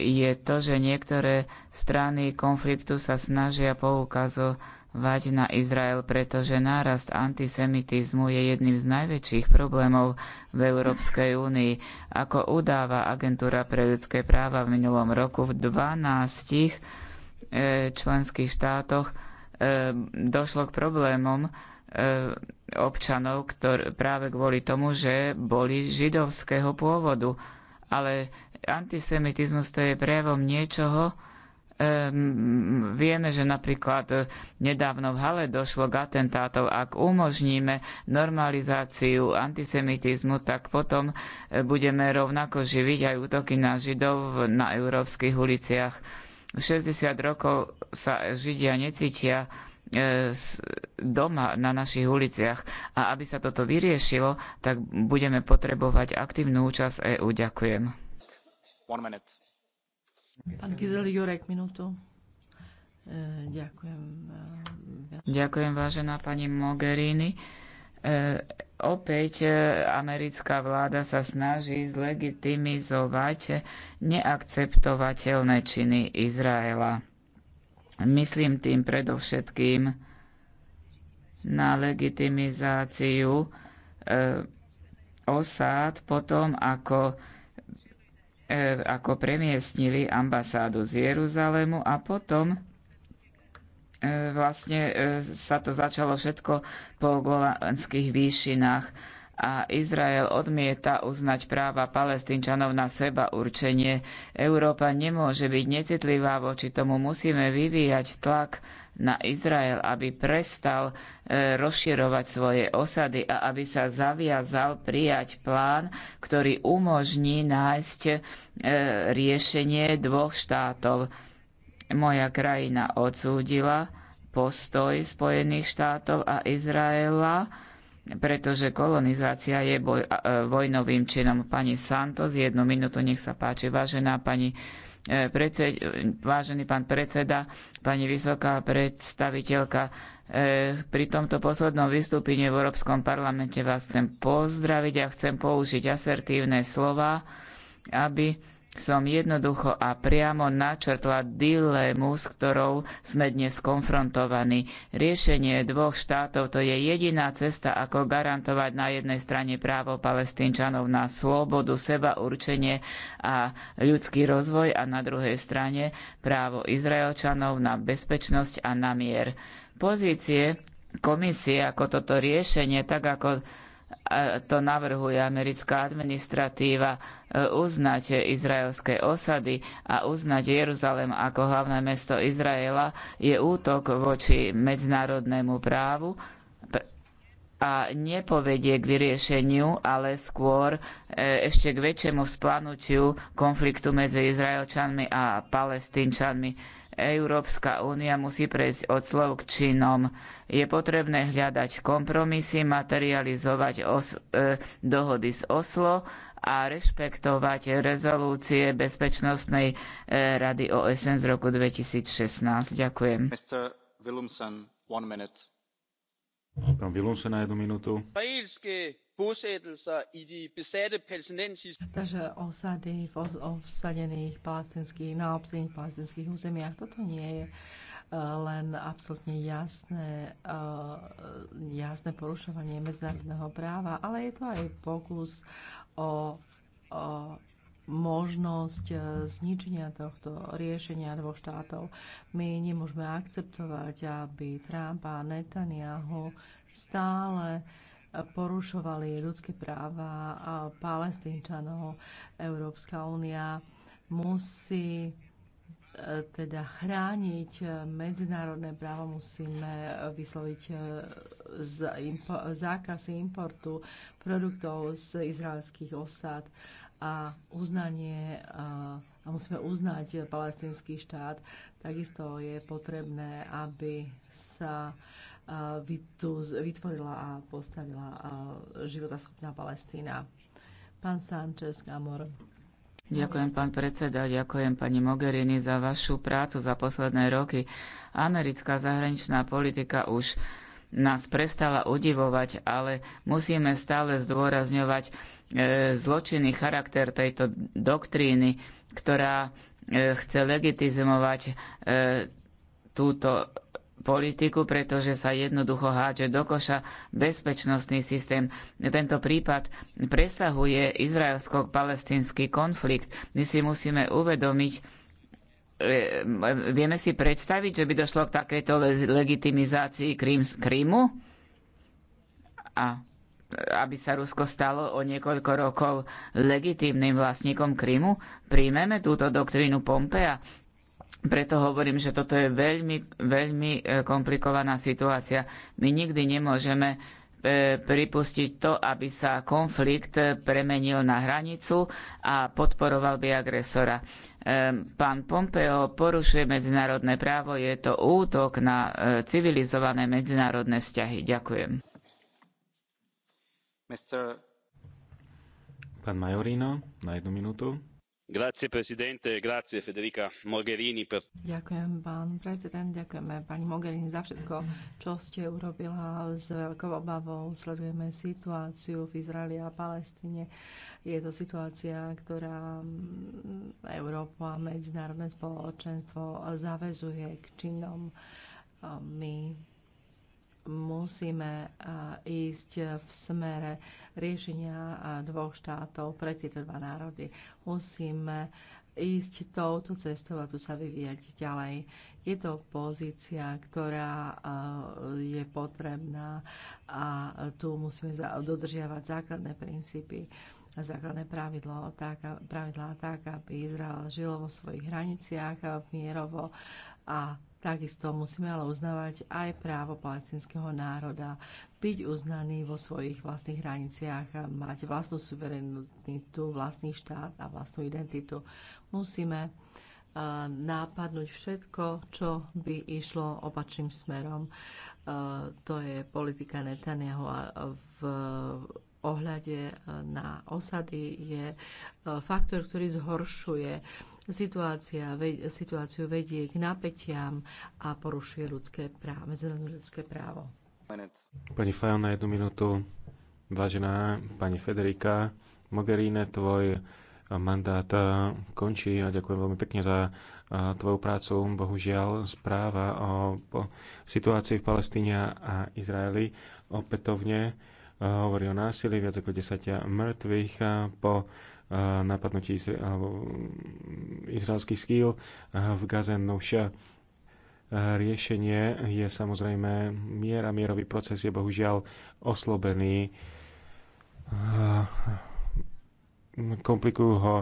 je to, že niektoré strany konfliktu sa snažia poukazovať na Izrael, pretože nárast antisemitizmu je jedným z najväčších problémov v Európskej únii. Ako udáva Agentúra pre ľudské práva v minulom roku v 12 e, členských štátoch e, došlo k problémom občanov ktor- práve kvôli tomu, že boli židovského pôvodu ale antisemitizmus to je prejavom niečoho, Um, vieme, že napríklad eh, nedávno v Hale došlo k atentátov. Ak umožníme normalizáciu antisemitizmu, tak potom eh, budeme rovnako živiť aj útoky na Židov na európskych uliciach. 60 rokov sa Židia necítia E, doma na našich uliciach. A aby sa toto vyriešilo, tak budeme potrebovať aktívnu účasť EÚ. Ďakujem. Pán Kizel Jurek, minútu. E, ďakujem. E, ďakujem, vážená pani Mogherini. Opäť americká vláda sa snaží zlegitimizovať neakceptovateľné činy Izraela Myslím tým predovšetkým na legitimizáciu e, osád potom, ako, e, ako premiestnili ambasádu z Jeruzalému a potom e, vlastne e, sa to začalo všetko po golanských výšinách a Izrael odmieta uznať práva palestínčanov na seba určenie. Európa nemôže byť necitlivá voči tomu. Musíme vyvíjať tlak na Izrael, aby prestal e, rozširovať svoje osady a aby sa zaviazal prijať plán, ktorý umožní nájsť e, riešenie dvoch štátov. Moja krajina odsúdila postoj Spojených štátov a Izraela pretože kolonizácia je boj, e, vojnovým činom. Pani Santos, jednu minútu, nech sa páči. Vážená pani e, predsed, e, vážený pán predseda, pani vysoká predstaviteľka, pri tomto poslednom vystúpení v Európskom parlamente vás chcem pozdraviť a chcem použiť asertívne slova, aby som jednoducho a priamo načrtla dilemu, s ktorou sme dnes konfrontovaní. Riešenie dvoch štátov to je jediná cesta, ako garantovať na jednej strane právo palestínčanov na slobodu, seba určenie a ľudský rozvoj a na druhej strane právo Izraelčanov na bezpečnosť a na mier. Pozície komisie ako toto riešenie, tak ako to navrhuje americká administratíva, e, uznať izraelské osady a uznať Jeruzalem ako hlavné mesto Izraela je útok voči medzinárodnému právu a nepovedie k vyriešeniu, ale skôr e, ešte k väčšiemu splanutiu konfliktu medzi Izraelčanmi a Palestínčanmi Európska únia musí prejsť od slov k činom. Je potrebné hľadať kompromisy, materializovať os, e, dohody z Oslo a rešpektovať rezolúcie Bezpečnostnej e, rady OSN z roku 2016. Ďakujem. Mr. one minute. Pán Vilunse na jednu minútu. Takže osady v obsadených palestinských, na obsadených palestinských územiach, toto nie je eh, len absolútne jasné, eh, jasné porušovanie medzinárodného práva, ale je to aj pokus o, o možnosť eh, zničenia tohto riešenia dvoch štátov. My nemôžeme akceptovať, aby Trump a Netanyahu stále porušovali ľudské práva a palestínčanov. Európska únia musí eh, teda chrániť medzinárodné právo, musíme vysloviť eh, zákaz importu produktov z izraelských osad a uznanie a, musíme uznať palestinský štát. Takisto je potrebné, aby sa vytvorila a postavila a, životaschopná Palestína. Pán Sanchez Gamor. Ďakujem, pán predseda, ďakujem pani Mogherini za vašu prácu za posledné roky. Americká zahraničná politika už nás prestala udivovať, ale musíme stále zdôrazňovať E, zločinný charakter tejto doktríny, ktorá e, chce legitizovať e, túto politiku, pretože sa jednoducho hádže do koša bezpečnostný systém. Tento prípad presahuje izraelsko-palestínsky konflikt. My si musíme uvedomiť, vieme si predstaviť, že by došlo k takejto legitimizácii Krímu? A aby sa Rusko stalo o niekoľko rokov legitímnym vlastníkom Krymu? Príjmeme túto doktrínu Pompea? Preto hovorím, že toto je veľmi, veľmi e, komplikovaná situácia. My nikdy nemôžeme e, pripustiť to, aby sa konflikt e, premenil na hranicu a podporoval by agresora. Pán Pompeo porušuje medzinárodné právo, je to útok na civilizované medzinárodné vzťahy. Ďakujem. Mister... presidente, grazie, Federica Ďakujem, pán prezident, ďakujeme pani Mogherini za všetko, čo ste urobila s veľkou obavou. Sledujeme situáciu v Izraeli a Palestíne. Je to situácia, ktorá mm, európu a medzinárodné spoločenstvo zavezuje k činom. My musíme ísť v smere riešenia dvoch štátov pre tieto dva národy. Musíme ísť touto cestou a tu sa vyvíjať ďalej. Je to pozícia, ktorá je potrebná a tu musíme dodržiavať základné princípy a základné pravidlo, tak, pravidlá tak, aby Izrael žil vo svojich hraniciach mierovo a takisto musíme ale uznávať aj právo palestinského národa byť uznaný vo svojich vlastných hraniciach, a mať vlastnú suverenitu, vlastný štát a vlastnú identitu. Musíme eh, nápadnúť všetko, čo by išlo opačným smerom. Eh, to je politika Netanyahu a v ohľade na osady je eh, faktor, ktorý zhoršuje situácia, ve, situáciu vedie k napätiam a porušuje ľudské právo, medzinárodné ľudské právo. Pani Fajon, na jednu minútu. Vážená pani Federika Mogherine, tvoj mandát končí a ďakujem veľmi pekne za tvoju prácu. Bohužiaľ, správa o, o situácii v Palestíne a Izraeli opätovne hovorí o násilí, viac ako 10 mŕtvych po napadnutí mm, izraelských skýl v Gaze Nuša. Riešenie je samozrejme miera. Mierový proces je bohužiaľ oslobený. Komplikujú ho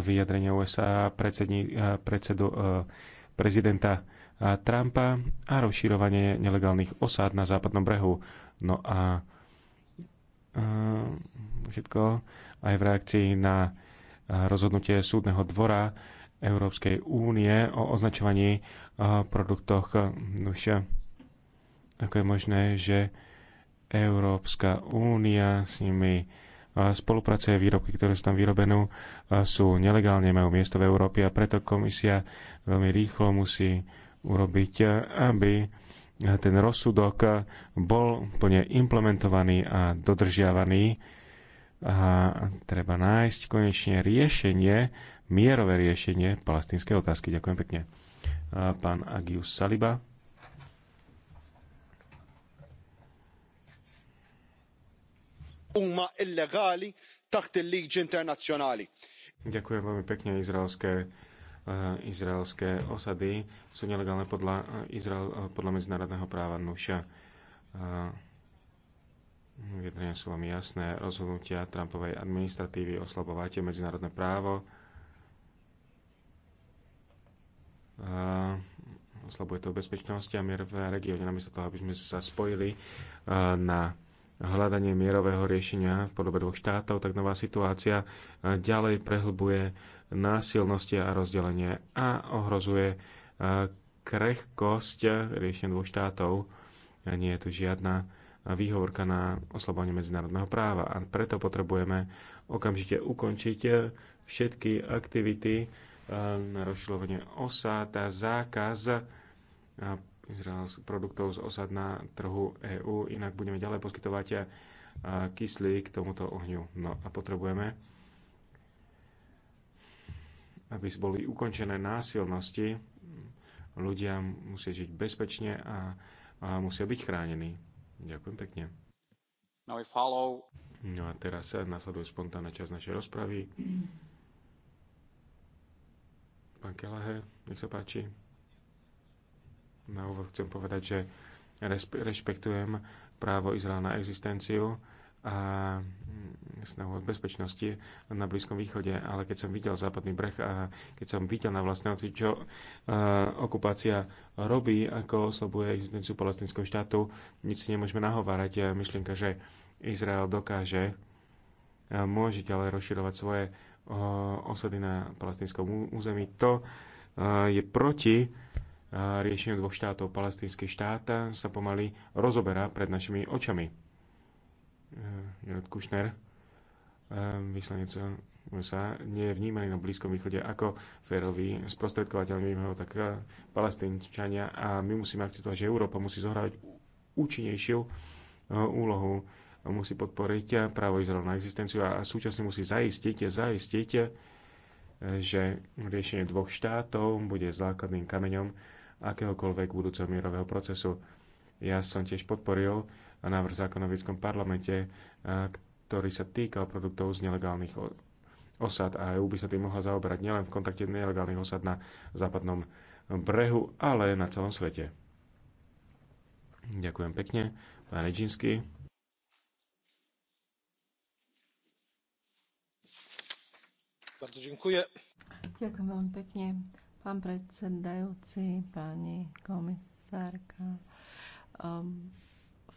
vyjadrenia USA, predsedni, predsedu, prezidenta Trumpa a rozširovanie nelegálnych osád na západnom brehu. No a Eh, všetko aj v reakcii na eh, rozhodnutie súdneho dvora Európskej únie o označovaní eh, produktoch duša. Ako je možné, že Európska únia s nimi spolupracuje, výrobky, ktoré sú tam vyrobené, sú nelegálne, majú miesto v Európe a preto komisia veľmi rýchlo musí urobiť, aby ten rozsudok bol plne implementovaný a dodržiavaný a treba nájsť konečne riešenie, mierové riešenie palestinskej otázky. Ďakujem pekne. Pán Agius Saliba. Ďakujem veľmi pekne izraelské Eh, izraelské osady sú nelegálne podľa, eh, Izrael, eh, podľa medzinárodného práva nuša. Vyjadrenia sú veľmi jasné. Rozhodnutia Trumpovej administratívy oslabovate medzinárodné právo. Oslabuje to bezpečnosť a mier v regióne. Namiesto toho, aby sme sa spojili na hľadanie mierového riešenia v podobe dvoch štátov, tak nová situácia ďalej prehlbuje násilnosti a rozdelenie a ohrozuje e, krehkosť riešenia dvoch štátov. Nie je tu žiadna výhovorka na oslabovanie medzinárodného práva a preto potrebujeme okamžite ukončiť e, všetky aktivity e, na rozšľovanie osád a zákaz produktov z osad na trhu EÚ, inak budeme ďalej poskytovať kyslík k tomuto ohňu. No a potrebujeme aby boli ukončené násilnosti. Ľudia musia žiť bezpečne a, a musia byť chránení. Ďakujem pekne. No a teraz sa nasleduje spontánna časť našej rozpravy. Pán Kelahe, nech sa páči. Na úvod chcem povedať, že rešpektujem právo Izraela na existenciu a snahu o bezpečnosti na Blízkom východe, ale keď som videl západný breh a keď som videl na vlastné oči, čo uh, okupácia robí, ako oslabuje existenciu palestinského štátu, nič si nemôžeme nahovárať. myslím, že Izrael dokáže, uh, môže ďalej rozširovať svoje uh, osady na palestinskom území, to je proti riešeniu dvoch štátov. Palestínsky štát sa pomaly rozoberá pred našimi očami. Jared Kushner. Ehm, vyslanec USA nie je vnímaný na Blízkom východe ako férový sprostredkovateľ, ho tak e, palestínčania a my musíme akceptovať, že Európa musí zohrávať účinnejšiu e, úlohu, musí podporiť e, právo Izraelu na existenciu a súčasne musí zaistiť, zaistiť, že riešenie dvoch štátov bude základným kameňom akéhokoľvek budúceho mierového procesu. Ja som tiež podporil návrh zákona v parlamente, ktorý sa týkal produktov z nelegálnych osad a EU by sa tým mohla zaoberať nielen v kontakte nelegálnych osad na západnom brehu, ale na celom svete. Ďakujem pekne. Pán Rečinsky. Bardzo dziękuję. Ďakujem veľmi pekne, pán predsedajúci, pani komisárka. Um,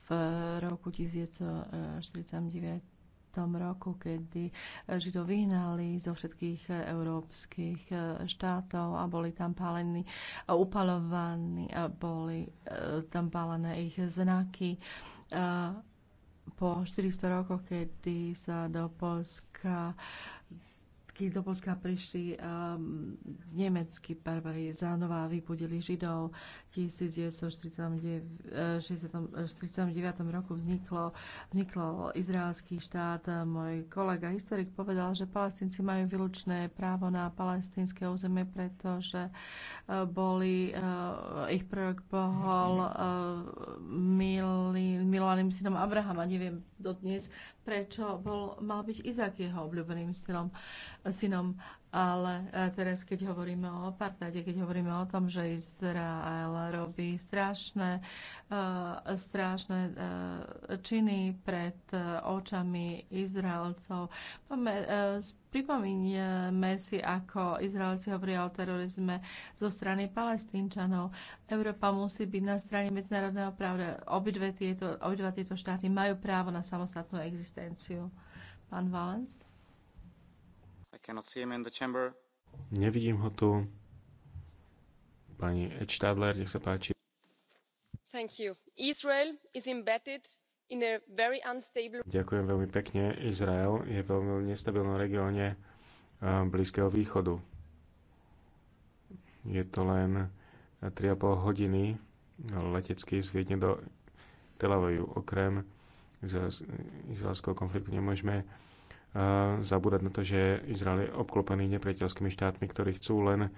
v roku 1949 roku, kedy eh, Židov vyhnali zo všetkých eh, európskych eh, štátov a boli tam pálení, upalovaní, a boli tam pálené ich znaky po 400 rokoch, kedy sa do Polska keď do Polska prišli um, nemeckí barbari, zánova vypudili Židov. V 1949 roku vzniklo, vzniklo izraelský štát. Môj kolega, historik, povedal, že palestinci majú výlučné právo na palestinské územie, pretože uh, boli, uh, ich prorok bohol uh, milý, milovaným synom Abrahama. Neviem, dodnes, prečo bol, mal byť Izak jeho obľúbeným synom. synom. Ale e, teraz, keď hovoríme o apartáde, keď hovoríme o tom, že Izrael robí strašné, e, strašné e, činy pred očami Izraelcov, máme Pripomíňme si, ako Izraelci hovoria o terorizme zo strany palestínčanov. Európa musí byť na strane medzinárodného práva. Obidve tieto, obidva tieto štáty majú právo na samostatnú existenciu. Pán Valens? Nevidím ho tu. Pani Edstadler, nech sa páči. Ďakujem veľmi pekne. Izrael je v veľmi nestabilnom regióne eh, Blízkeho východu. Je to len 3,5 eh, hodiny letecky z Viedne do Tel Avivu. Okrem izraelského konfliktu nemôžeme zabúdať na to, že Izrael je obklopený nepriateľskými štátmi, ktorí chcú len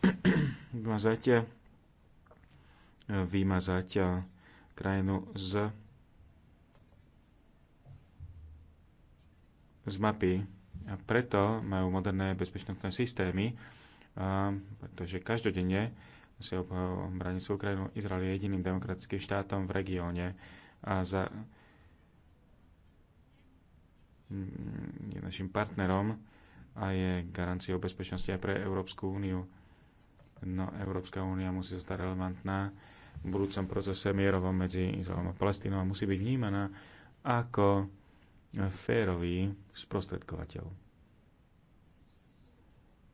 <clears throat> vymazať, e, vymazať e, krajinu z, z mapy. A preto majú moderné bezpečnostné systémy, e, pretože každodenne musia obrániť svoju krajinu. Izrael je jediným demokratickým štátom v regióne a za Mm, je našim partnerom a je garanciou bezpečnosti aj pre Európsku úniu. No, Európska únia musí zostať relevantná v budúcom procese mierovom medzi Izraelom a Palestínou a musí byť vnímaná ako férový sprostredkovateľ.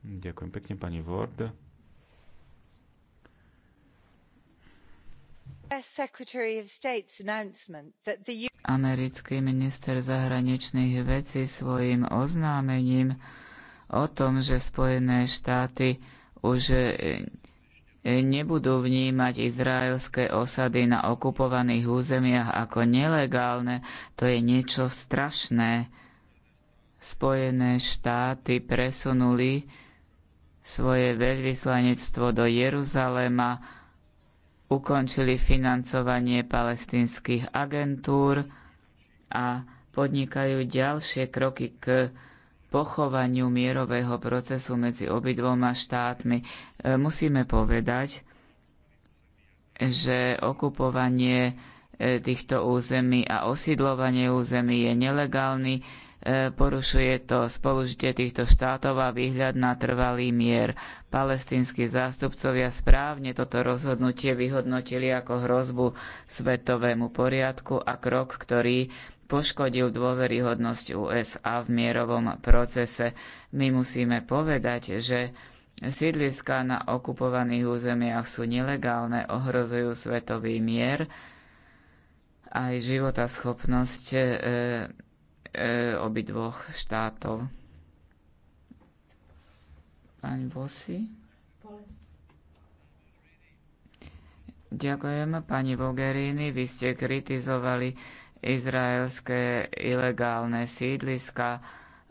Ďakujem pekne, pani Ward. Americký minister zahraničných vecí svojim oznámením o tom, že Spojené štáty už e, nebudú vnímať izraelské osady na okupovaných územiach ako nelegálne, to je niečo strašné. Spojené štáty presunuli svoje veľvyslanectvo do Jeruzalema, ukončili financovanie palestínskych agentúr a podnikajú ďalšie kroky k pochovaniu mierového procesu medzi obidvoma štátmi. E, musíme povedať, že okupovanie e, týchto území a osídlovanie území je nelegálny porušuje to spolužitie týchto štátov a výhľad na trvalý mier. Palestínsky zástupcovia správne toto rozhodnutie vyhodnotili ako hrozbu svetovému poriadku a krok, ktorý poškodil dôveryhodnosť USA v mierovom procese. My musíme povedať, že sídliská na okupovaných územiach sú nelegálne, ohrozujú svetový mier aj životaschopnosť e, E, obidvoch štátov. Pán Bosi. Ďakujem, pani Vogerini. Vy ste kritizovali izraelské ilegálne sídliska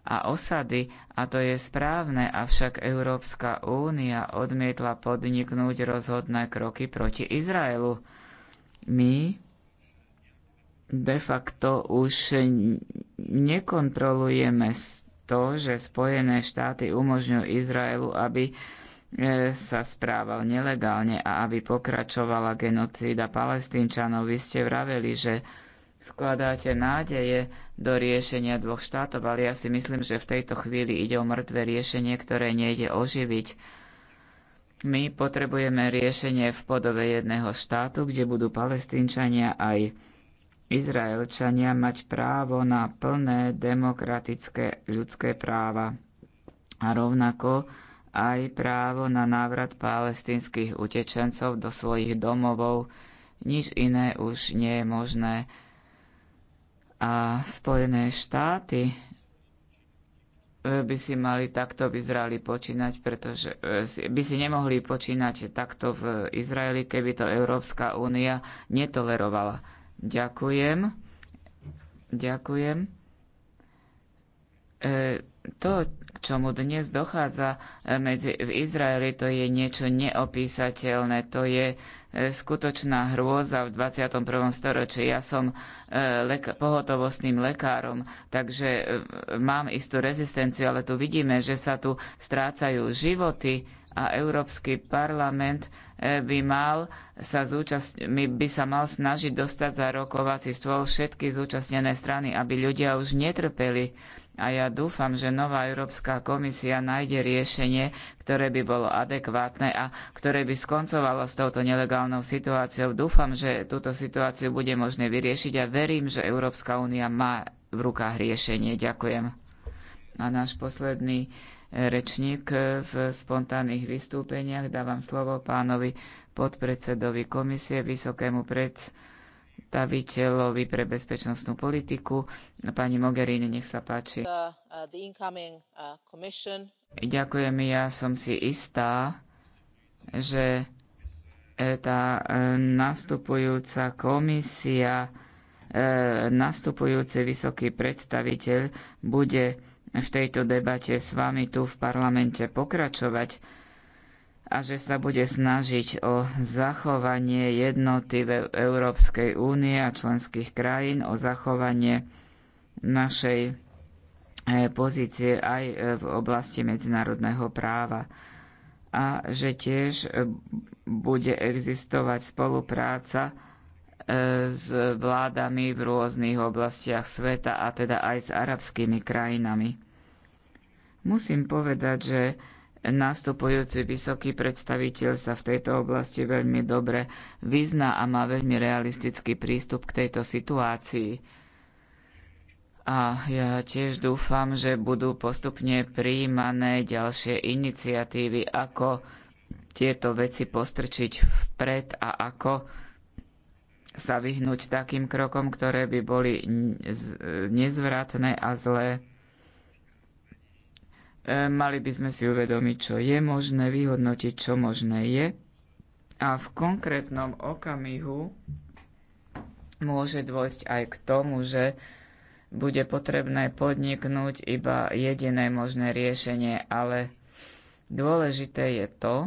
a osady, a to je správne, avšak Európska únia odmietla podniknúť rozhodné kroky proti Izraelu. My de facto už nekontrolujeme to, že Spojené štáty umožňujú Izraelu, aby e, sa správal nelegálne a aby pokračovala genocída palestínčanov. Vy ste vraveli, že vkladáte nádeje do riešenia dvoch štátov, ale ja si myslím, že v tejto chvíli ide o mŕtve riešenie, ktoré nejde oživiť. My potrebujeme riešenie v podobe jedného štátu, kde budú palestínčania aj Izraelčania mať právo na plné demokratické ľudské práva a rovnako aj právo na návrat palestinských utečencov do svojich domovov. Nič iné už nie je možné. A Spojené štáty eh, by si mali takto v Izraeli počínať, pretože eh, by si nemohli počínať takto v Izraeli, keby to Európska únia netolerovala. Ďakujem. Ďakujem. E, to, čomu dnes dochádza e, medzi, v Izraeli, to je niečo neopísateľné. To je e, skutočná hrôza v 21. storočí. Ja som e, lek- pohotovostným lekárom, takže e, mám istú rezistenciu, ale tu vidíme, že sa tu strácajú životy a Európsky parlament by mal sa zúčast- by sa mal snažiť dostať za rokovací stôl všetky zúčastnené strany, aby ľudia už netrpeli. A ja dúfam, že nová Európska komisia nájde riešenie, ktoré by bolo adekvátne a ktoré by skoncovalo s touto nelegálnou situáciou. Dúfam, že túto situáciu bude možné vyriešiť a verím, že Európska únia má v rukách riešenie. Ďakujem. A náš posledný rečník e, v spontánnych vystúpeniach. Dávam slovo pánovi podpredsedovi komisie, vysokému predstaviteľovi pre bezpečnostnú politiku. Pani Mogherini, nech sa páči. Uh, uh, Ďakujem, ja som si istá, že e, tá e, nastupujúca komisia, nastupujúci vysoký predstaviteľ bude v tejto debate s vami tu v parlamente pokračovať a že sa bude snažiť o zachovanie jednoty v Európskej únie a členských krajín, o zachovanie našej e, pozície aj e, v oblasti medzinárodného práva a že tiež e, bude existovať spolupráca E, s vládami v rôznych oblastiach sveta a teda aj s arabskými krajinami. Musím povedať, že nastupujúci vysoký predstaviteľ sa v tejto oblasti veľmi dobre vyzná a má veľmi realistický prístup k tejto situácii. A ja tiež dúfam, že budú postupne príjmané ďalšie iniciatívy, ako tieto veci postrčiť vpred a ako sa vyhnúť takým krokom, ktoré by boli nezvratné a zlé. E, mali by sme si uvedomiť, čo je možné, vyhodnotiť, čo možné je. A v konkrétnom okamihu môže dôjsť aj k tomu, že bude potrebné podniknúť iba jediné možné riešenie, ale dôležité je to,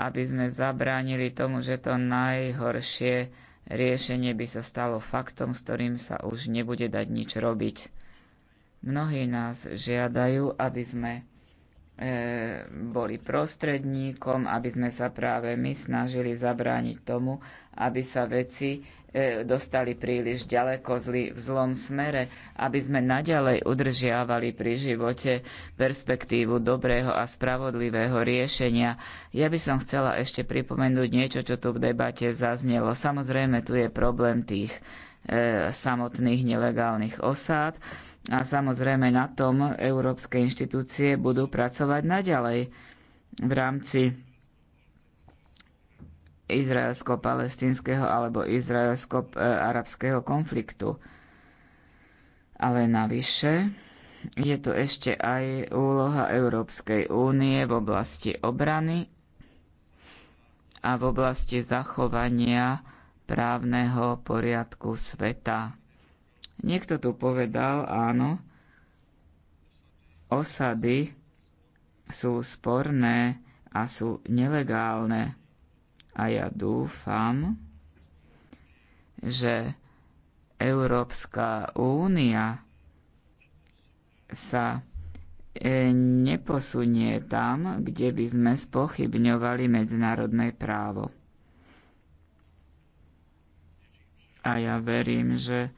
aby sme zabránili tomu, že to najhoršie Riešenie by sa stalo faktom, s ktorým sa už nebude dať nič robiť. Mnohí nás žiadajú, aby sme E, boli prostredníkom, aby sme sa práve my snažili zabrániť tomu, aby sa veci e, dostali príliš ďaleko zlý v zlom smere, aby sme naďalej udržiavali pri živote perspektívu dobrého a spravodlivého riešenia. Ja by som chcela ešte pripomenúť niečo, čo tu v debate zaznelo. Samozrejme, tu je problém tých e, samotných nelegálnych osád a samozrejme na tom európske inštitúcie budú pracovať naďalej v rámci izraelsko-palestinského alebo izraelsko-arabského konfliktu. Ale navyše je tu ešte aj úloha Európskej únie v oblasti obrany a v oblasti zachovania právneho poriadku sveta. Niekto tu povedal, áno, osady sú sporné a sú nelegálne. A ja dúfam, že Európska únia sa e, neposunie tam, kde by sme spochybňovali medzinárodné právo. A ja verím, že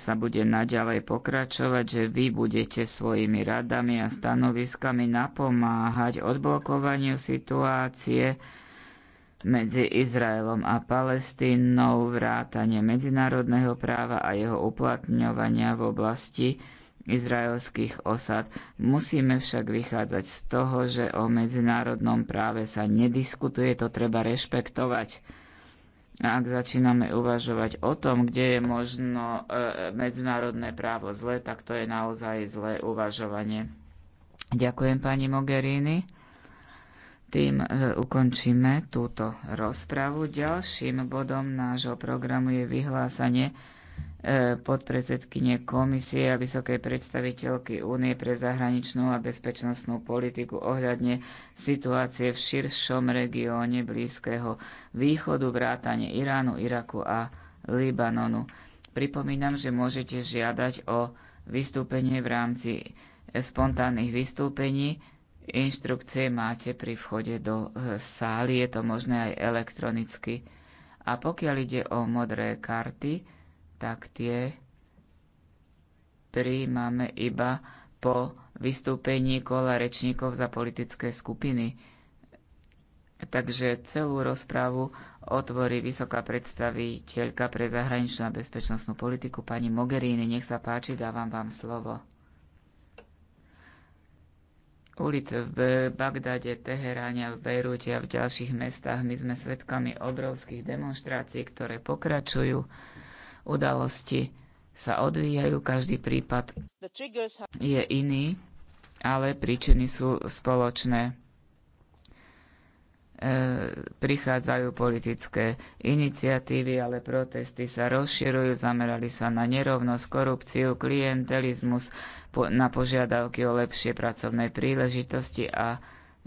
sa bude naďalej pokračovať, že vy budete svojimi radami a stanoviskami napomáhať odblokovaniu situácie medzi Izraelom a Palestínou, vrátanie medzinárodného práva a jeho uplatňovania v oblasti izraelských osad. Musíme však vychádzať z toho, že o medzinárodnom práve sa nediskutuje, to treba rešpektovať ak začíname uvažovať o tom, kde je možno e, medzinárodné právo zlé, tak to je naozaj zlé uvažovanie. Ďakujem pani Mogherini. Tým e, ukončíme túto rozpravu. Ďalším bodom nášho programu je vyhlásanie E, podpredsedkyne komisie a vysokej predstaviteľky Únie pre zahraničnú a bezpečnostnú politiku ohľadne situácie v širšom regióne Blízkeho východu, vrátane Iránu, Iraku a Libanonu. Pripomínam, že môžete žiadať o vystúpenie v rámci spontánnych vystúpení. Inštrukcie máte pri vchode do e, sály, je to možné aj elektronicky. A pokiaľ ide o modré karty, tak tie príjmame iba po vystúpení kola rečníkov za politické skupiny. Takže celú rozprávu otvorí vysoká predstaviteľka pre zahraničnú a bezpečnostnú politiku pani Mogherini. Nech sa páči, dávam vám slovo. Ulice v Bagdade, Teheráne, v Bejrúte a v ďalších mestách my sme svedkami obrovských demonstrácií, ktoré pokračujú. Udalosti sa odvíjajú, každý prípad je iný, ale príčiny sú spoločné. E, prichádzajú politické iniciatívy, ale protesty sa rozširujú, zamerali sa na nerovnosť, korupciu, klientelizmus, po, na požiadavky o lepšie pracovné príležitosti a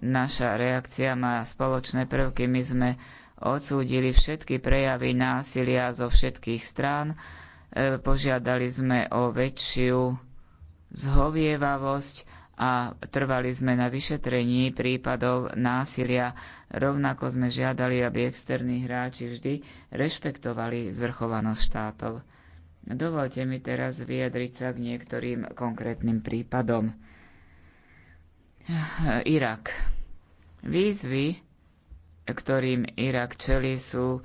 naša reakcia má spoločné prvky. My sme odsúdili všetky prejavy násilia zo všetkých strán, e, požiadali sme o väčšiu zhovievavosť a trvali sme na vyšetrení prípadov násilia. Rovnako sme žiadali, aby externí hráči vždy rešpektovali zvrchovanosť štátov. Dovolte mi teraz vyjadriť sa k niektorým konkrétnym prípadom. Irak. Výzvy ktorým Irak čeli, sú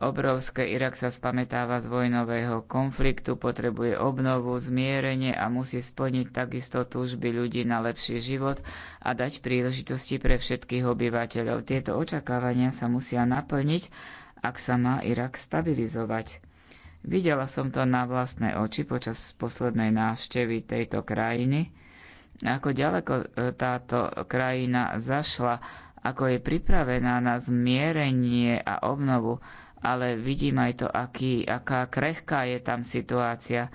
obrovské. Irak sa spametáva z vojnového konfliktu, potrebuje obnovu, zmierenie a musí splniť takisto túžby ľudí na lepší život a dať príležitosti pre všetkých obyvateľov. Tieto očakávania sa musia naplniť, ak sa má Irak stabilizovať. Videla som to na vlastné oči počas poslednej návštevy tejto krajiny, ako ďaleko e, táto krajina zašla ako je pripravená na zmierenie a obnovu, ale vidím aj to, aký, aká krehká je tam situácia.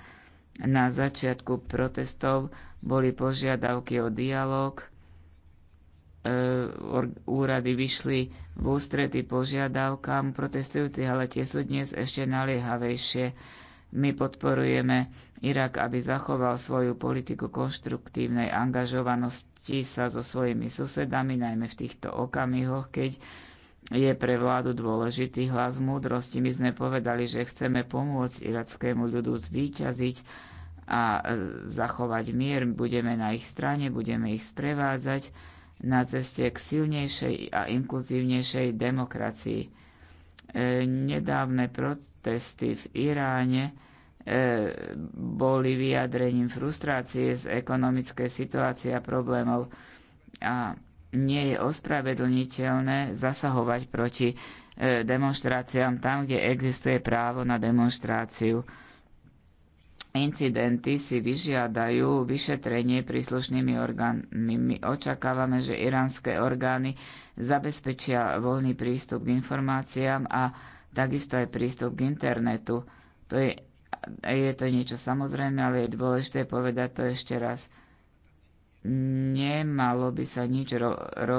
Na začiatku protestov boli požiadavky o dialog, e, úrady vyšli v ústrety požiadavkám protestujúcich, ale tie sú dnes ešte naliehavejšie. My podporujeme Irak, aby zachoval svoju politiku konštruktívnej angažovanosti sa so svojimi susedami, najmä v týchto okamihoch, keď je pre vládu dôležitý hlas múdrosti. My sme povedali, že chceme pomôcť irackému ľudu zvíťaziť a e, zachovať mier. Budeme na ich strane, budeme ich sprevádzať na ceste k silnejšej a inkluzívnejšej demokracii. E, nedávne protesty v Iráne e, boli vyjadrením frustrácie z ekonomickej situácie a problémov a nie je ospravedlniteľné zasahovať proti e, demonstráciám tam, kde existuje právo na demonstráciu. Incidenty si vyžiadajú vyšetrenie príslušnými orgánmi. My očakávame, že iránske orgány zabezpečia voľný prístup k informáciám a takisto aj prístup k internetu. To je, je to niečo samozrejme, ale je dôležité povedať to ešte raz. Nemalo by sa nič ro-